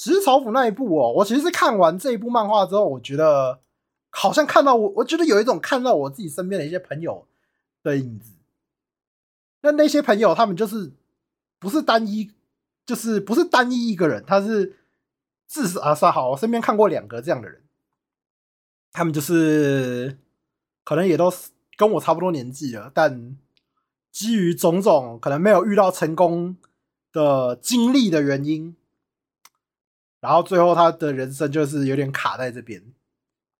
其實草輔那一部哦，我其實是看完這一部漫畫之後，我覺得好像看到我，我覺得有一種看到我自己身邊的一些朋友的影子。那那些朋友他們就是不是單一，就是不是單一一個人，他是自私，啊算好，我身邊看過兩個這樣的人，他們就是可能也都跟我差不多年紀了，但基於種種可能沒有遇到成功的經歷的原因。然後最後，他的人生就是有點卡在這邊，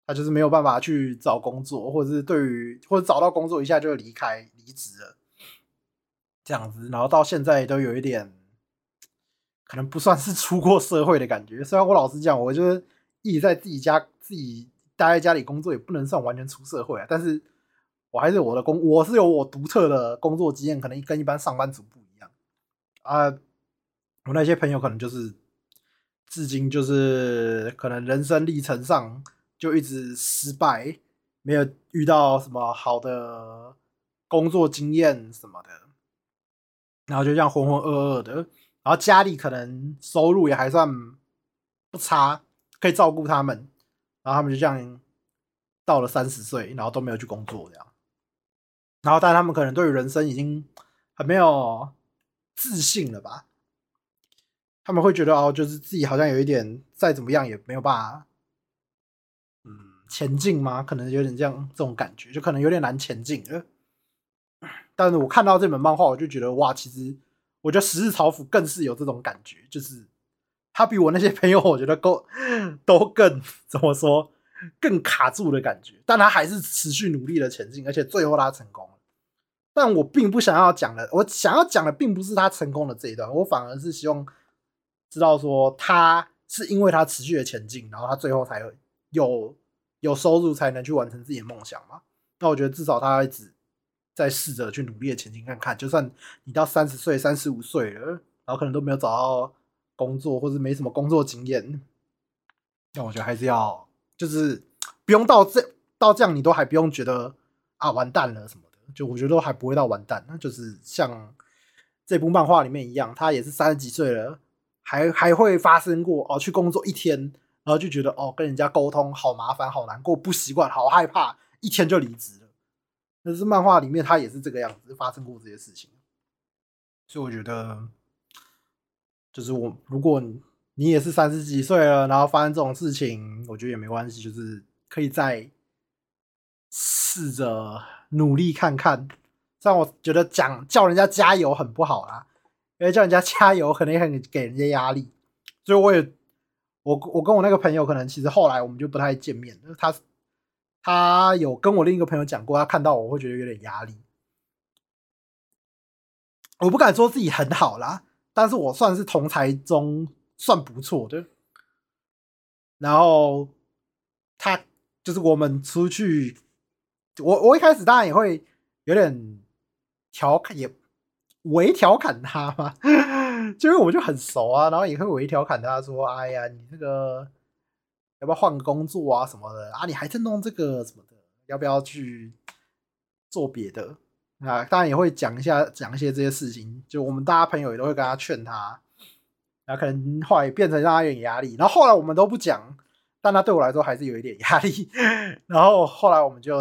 他就是沒有辦法去找工作，或者是對於或者找到工作一下就離開離職了，這樣子。然後到現在都有一點，可能不算是出過社會的感覺。雖然我老實講，我就是一直在自己家自己待在家裡工作，也不能算完全出社會啊。但是我還是我的工，我是有我獨特的工作經驗，可能跟一般上班族不一樣啊。我那些朋友可能就是。至今就是可能人生歷程上就一直失敗，沒有遇到什麼好的工作經驗什麼的，然後就這樣渾渾噩噩的。然後家裡可能收入也還算不差，可以照顧他們。然後他們就這樣到了三十歲，然後都沒有去工作這樣。然後但他們可能對於人生已經很沒有自信了吧。他們會覺得哦，就是自己好像有一點，再怎麼樣也沒有辦法，嗯，前進嗎？可能有點這樣這種感覺，就可能有點難前進。但是我看到這本漫畫，我就覺得哇，其實我覺得十日朝服更是有這種感覺，就是他比我那些朋友，我覺得都都更怎麼說，更卡住的感覺。但他還是持續努力的前進，而且最後他成功了。但我並不想要講的，我想要講的並不是他成功的這一段，我反而是希望。知道說他是因為他持續的前進，然後他最後才有有有收入，才能去完成自己的夢想嘛。那我覺得至少他還一直在試着去努力的前進看看。就算你到三十歲、三十五歲了，然後可能都沒有找到工作，或者沒什麼工作經驗，那我覺得還是要就是不用到這到這樣，你都還不用覺得啊完蛋了什麼的。就我覺得都還不會到完蛋，那就是像這部漫畫裡面一樣，他也是三十幾歲了。還還會發生過哦，去工作一天，然後就覺得哦，跟人家溝通好麻煩，好難過，不習慣，好害怕，一天就離職了。但是漫畫裡面他也是這個樣子，發生過這些事情，所以我覺得，就是我如果你，你也是三十幾歲了，然後發生這種事情，我覺得也沒關係，就是可以再試着努力看看。這樣我覺得講叫人家加油很不好啦。因為叫人家加油，可能也很給人家壓力，所以我也，我我跟我那個朋友，可能其實後來我們就不太見面了。他他有跟我另一個朋友講過，他看到我會覺得有點壓力。我不敢說自己很好啦，但是我算是同儕中算不錯的。然後他就是我們出去，我我一開始當然也會有點調侃也。我一調侃他嘛， (laughs) 就是我們就很熟啊，然後也會我一調侃他說：“哎呀，你那、這個要不要換個工作啊什麼的啊？你還在弄這個什麼的，要不要去做別的啊？”當然也會講一下，講一些這些事情。就我們大家朋友也都會跟他勸他，然、啊、後可能後來變成讓他有點壓力。然後後來我們都不講，但他對我來說還是有一點壓力。 (laughs) 然後後來我們就，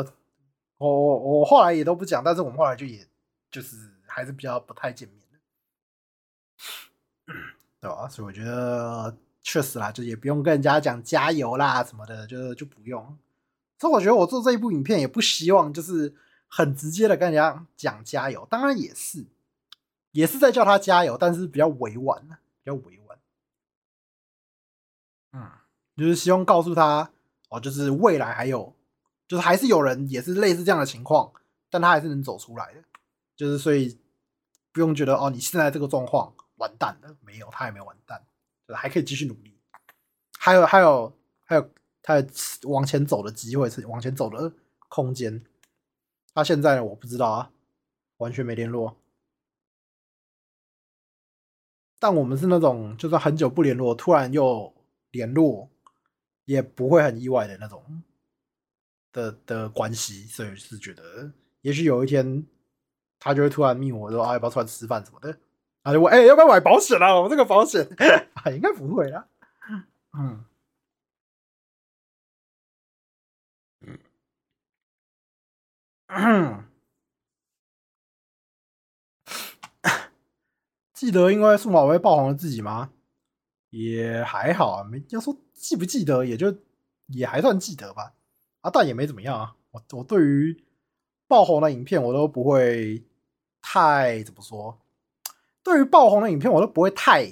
我我我後來也都不講，但是我們後來就也就是。還是比較不太見面的，對吧、啊？所以我覺得確實啦，就也不用跟人家講加油啦什麼的，就是就不用。所以我覺得我做這一部影片也不希望就是很直接的跟人家講加油，當然也是，也是在叫他加油，但是比較委婉，比較委婉。嗯，就是希望告訴他，哦，就是未來還有，就是還是有人也是類似這樣的情況，但他還是能走出來的，就是所以。不用覺得哦，你現在這個狀況完蛋了，沒有，他也沒有完蛋，對吧？還可以繼續努力。還有，還有，還有他往前走的機會，是往前走的空間。他現在我不知道啊，完全沒聯絡。但我們是那種就算很久不聯絡，突然又聯絡也不會很意外的那種的的關係，所以是覺得也許有一天。他就會突然密我說：“啊，要不要出來吃飯什麼的？”啊，就問：“哎、欸，要不要買保險啊？我這個保險……哎， (laughs) 應該不會啊。嗯嗯嗯、啊。記得因為數碼威爆紅了自己嗎？也還好，啊，沒要說記不記得，也就也還算記得吧。啊，但也沒怎麼樣啊。我我對於爆紅的影片，我都不會。太怎麼說？對於爆紅的影片，我都不會太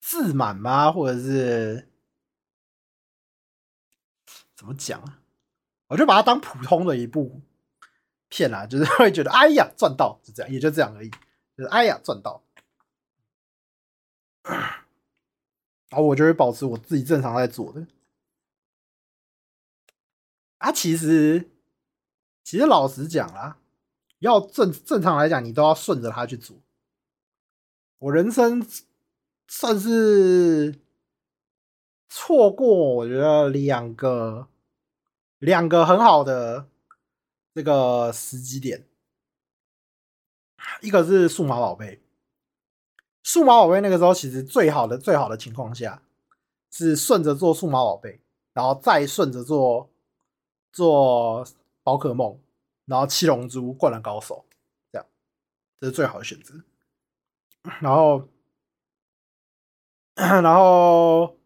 自滿嗎？或者是怎麼講啊？我就把它當普通的一部片啊，就是會覺得哎呀賺到，就這樣，也就這樣而已。就是哎呀賺到，然後我就會保持我自己正常在做的。啊，其實。其實老實講啦，要正正常來講，你都要順着他去做。我人生算是錯過，我覺得兩個兩個很好的這個時機點，一個是數碼寶貝。數碼寶貝那個時候，其實最好的最好的情況下，是順着做數碼寶貝，然後再順着做做。做寶可夢，然後七龍珠、灌籃高手，這樣這是最好的選擇。然後，然後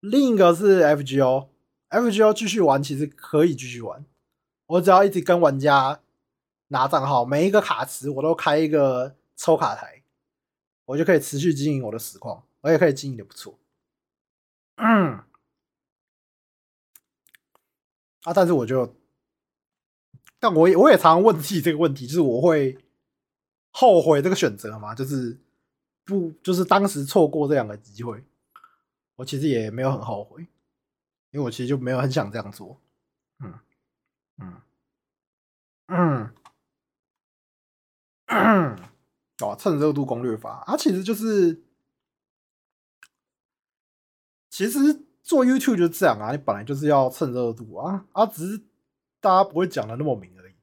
另一個是 FGO，FGO 繼續玩其實可以繼續玩，我只要一直跟玩家拿賬號，每一個卡池我都開一個抽卡台，我就可以持續經營我的實況，我也可以經營的不錯。嗯。啊，但是我就。但我也我也常問自己這個問題，就是我會後悔這個選擇嗎？就是不就是當時錯過這兩個機會，我其實也沒有很後悔，因為我其實就沒有很想這樣做。嗯嗯嗯，哦，蹭熱度攻略法啊，它，啊其實就是其實做 YouTube 就是這樣啊，你本來就是要蹭熱度啊，啊只是。大家不會講得那麼明而已，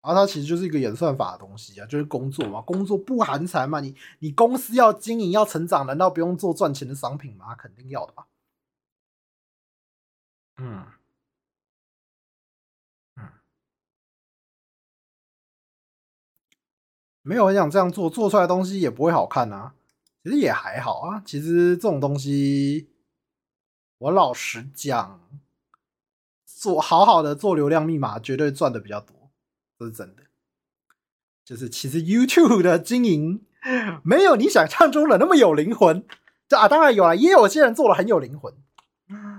啊，然、啊、它，其實就是一個演算法的東西啊，就是工作嘛，工作不含財嘛，你你公司要經營要成長，難道不用做賺錢的商品嗎？肯定要的吧，啊。嗯嗯，沒有很想這樣做，做出來的東西也不會好看啊。其實也還好啊，其實這種東西，我老實講。做好好的做流量密碼，絕對賺的比較多，這是真的。就是其實 YouTube 的經營沒有你想象中的那麼有靈魂，這啊，當然有了，也有些人做的很有靈魂。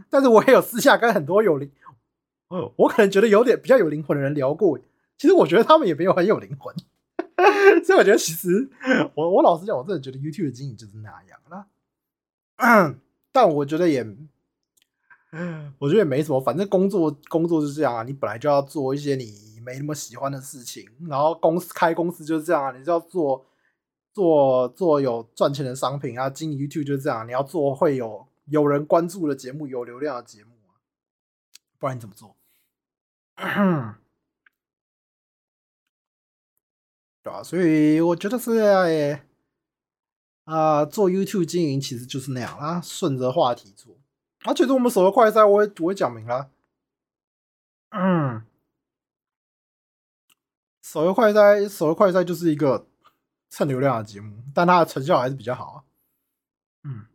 但是我也有私下跟很多有靈，哦，我可能覺得有點比較有靈魂的人聊過，其實我覺得他們也沒有很有靈魂呵呵。所以我覺得其實我我老實講，我真的覺得 YouTube 的經營就是那樣。那，嗯，但我覺得也。嗯，我覺得也沒什麼，反正工作工作就是這樣啊。你本來就要做一些你沒那麼喜歡的事情，然後公司開公司就是這樣啊，你就要做做做有賺錢的商品啊。然後經營 YouTube 就是這樣、啊，你要做會有有人關注的節目，有流量的節目，不然你怎麼做 (coughs) 對啊，所以我覺得是這樣耶、呃，做 YouTube 經營其實就是那樣啦、啊，順着話題做。而且，就、啊、我們手遊快哉，我也我也講明了。嗯，手遊快哉手遊快哉就是一個蹭流量的節目，但它的成效還是比較好、啊。嗯，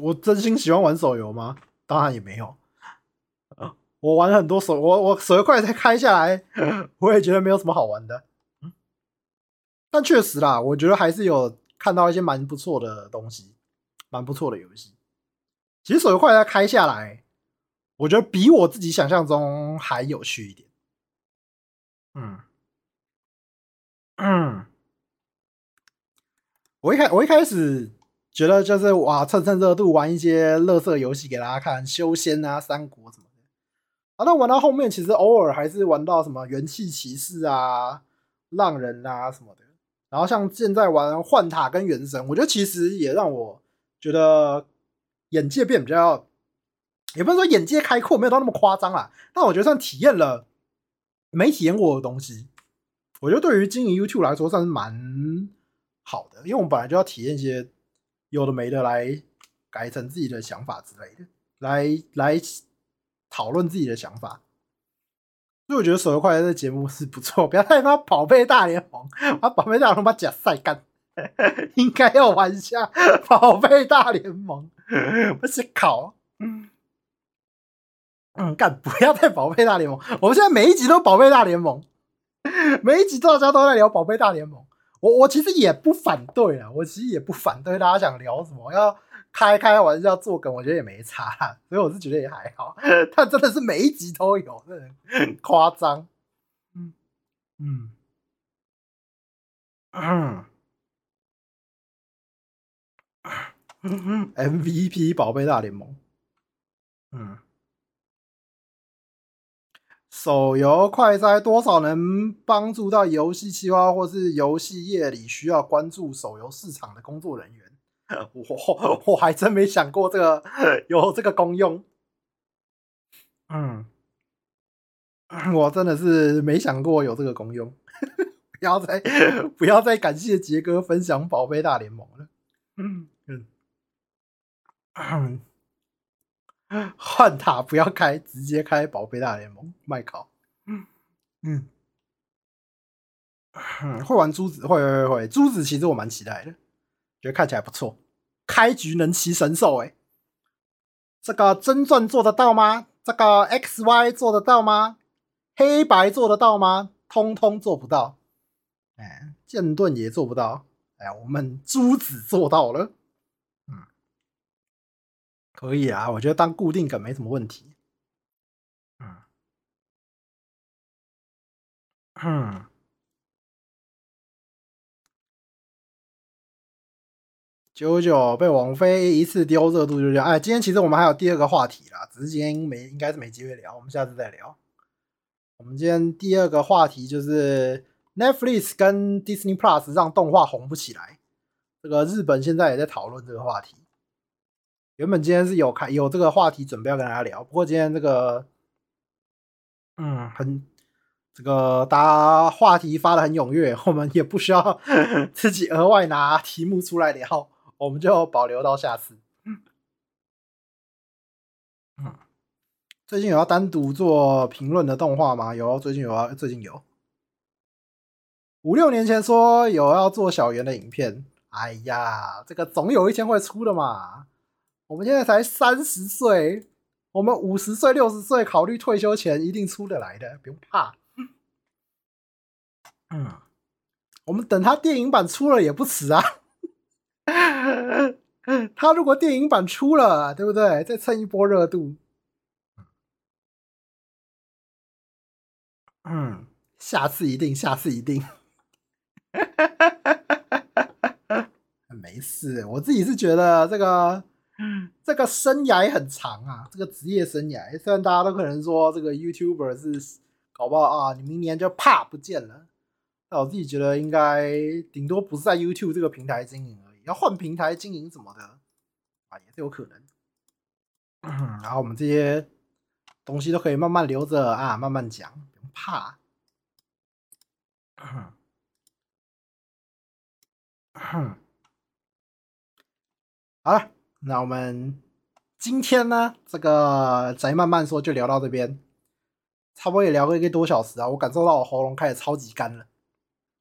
我真心喜歡玩手遊嗎？當然也沒有。我玩了很多手，我我手遊快哉開下來，我也覺得沒有什麼好玩的。嗯，但確實啦，我覺得還是有看到一些蠻不錯的東西，蠻不錯的遊戲。其實所有快車開下來，我覺得比我自己想象中還有趣一點。嗯嗯，我一開我一開始覺得就是哇蹭蹭熱度，玩一些垃圾遊戲給大家看，修仙啊、三國什麼的。好，那玩到後面，其實偶爾還是玩到什麼元氣騎士啊、浪人啊什麼的。然後像現在玩幻塔跟原神，我覺得其實也讓我覺得。眼界變比較，也不是說眼界開闊，沒有到那麼誇張啦。但我覺得算體驗了沒體驗過的東西。我覺得對於經營 YouTube 來說，算是蠻好的，因為我們本來就要體驗一些有的沒的來改成自己的想法之類的來，來來討論自己的想法。所以我覺得《手遊快車》這節目是不錯，不要太怕寶貝大聯盟，把寶貝大聯盟把腳曬乾。 (laughs) 應該要玩一下《寶貝大聯盟》，不是考、啊。嗯，幹不要再《寶貝大聯盟》？我們現在每一集都《寶貝大聯盟》，每一集大家都在聊《寶貝大聯盟》。我我其實也不反對啊，我其實也不反對，我其實也不反對大家想聊什麼，要開開玩笑，做梗，我覺得也沒差，所以我是覺得也還好。但真的是每一集都有，很誇張。嗯嗯。MVP 寶貝大聯盟，嗯，手遊快哉多少能幫助到遊戲企劃或是遊戲業裡需要關注手遊市場的工作人員？我我還真沒想過這個有這個功用。嗯，我真的是沒想過有這個功用。 (laughs) 不要再不要再感謝杰哥分享寶貝大聯盟了。嗯。嗯，換塔不要開，直接開寶貝大聯盟，麥考。嗯嗯，會玩珠子，會會會會。珠子其實我蠻期待的，覺得看起來不錯。開局能騎神獸，誒。這個真鑽做得到嗎？這個 XY 做得到嗎？黑白做得到嗎？通通做不到。哎、嗯，劍盾也做不到。哎，我們珠子做到了。可以啊，我覺得當固定梗沒什麼問題。嗯，哼、嗯，九九被王菲一次丟熱度就這樣。哎，今天其實我們還有第二個話題啦，只是今天沒，應該是沒機會聊，我們下次再聊。我們今天第二個話題就是 Netflix 跟 Disney Plus 讓動畫紅不起來，這個日本現在也在討論這個話題。原本今天是有看有這個話題準備要跟大家聊，不過今天這個，嗯，很這個大家話題發得很踴躍，我們也不需要自己額外拿題目出來聊，我們就保留到下次。嗯，最近有要單獨做評論的動畫嗎？有，最近有啊，最近有。五六年前說有要做小圓的影片，哎呀，這個總有一天會出的嘛。我們現在才三十歲，我們五十歲、六十歲考慮退休前一定出得來的，不用怕。嗯，我們等他電影版出了也不遲啊。他如果電影版出了，對不對？再蹭一波熱度。嗯，下次一定，下次一定。沒事，我自己是覺得這個。嗯，這個生涯很長啊，這個職業生涯，雖然大家都可能說這個 YouTuber 是搞不好啊，你明年就怕不見了。那我自己覺得應該頂多不是在 YouTube 這個平台經營而已，要換平台經營什麼的啊，也是有可能。然後我們這些東西都可以慢慢留着啊，慢慢講，不用怕。好了。那我們今天呢，這個宅漫慢說就聊到這邊，差不多也聊了一個多小時啊，我感受到我喉嚨開始超級乾了。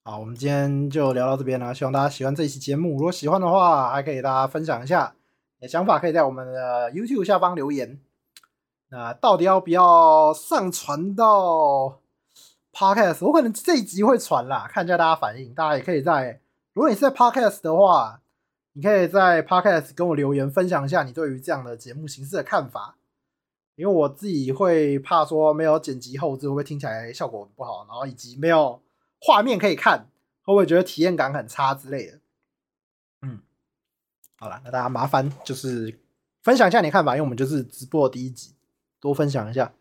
好，我們今天就聊到這邊了，希望大家喜歡這一期節目。如果喜歡的話，還可以大家分享一下，想法可以在我們的 YouTube 下方留言。那、呃、到底要不要上傳到 Podcast？我可能這一集會傳啦，看一下大家反應。大家也可以在，如果你是在 Podcast 的話。你可以在 Podcast 跟我留言分享一下你對於這樣的節目形式的看法，因為我自己會怕說沒有剪輯後製會不會聽起來效果不好，然後以及沒有畫面可以看，會不會覺得體驗感很差之類的。嗯，好了，那大家麻煩就是分享一下你的看法，因為我們就是直播的第一集，多分享一下。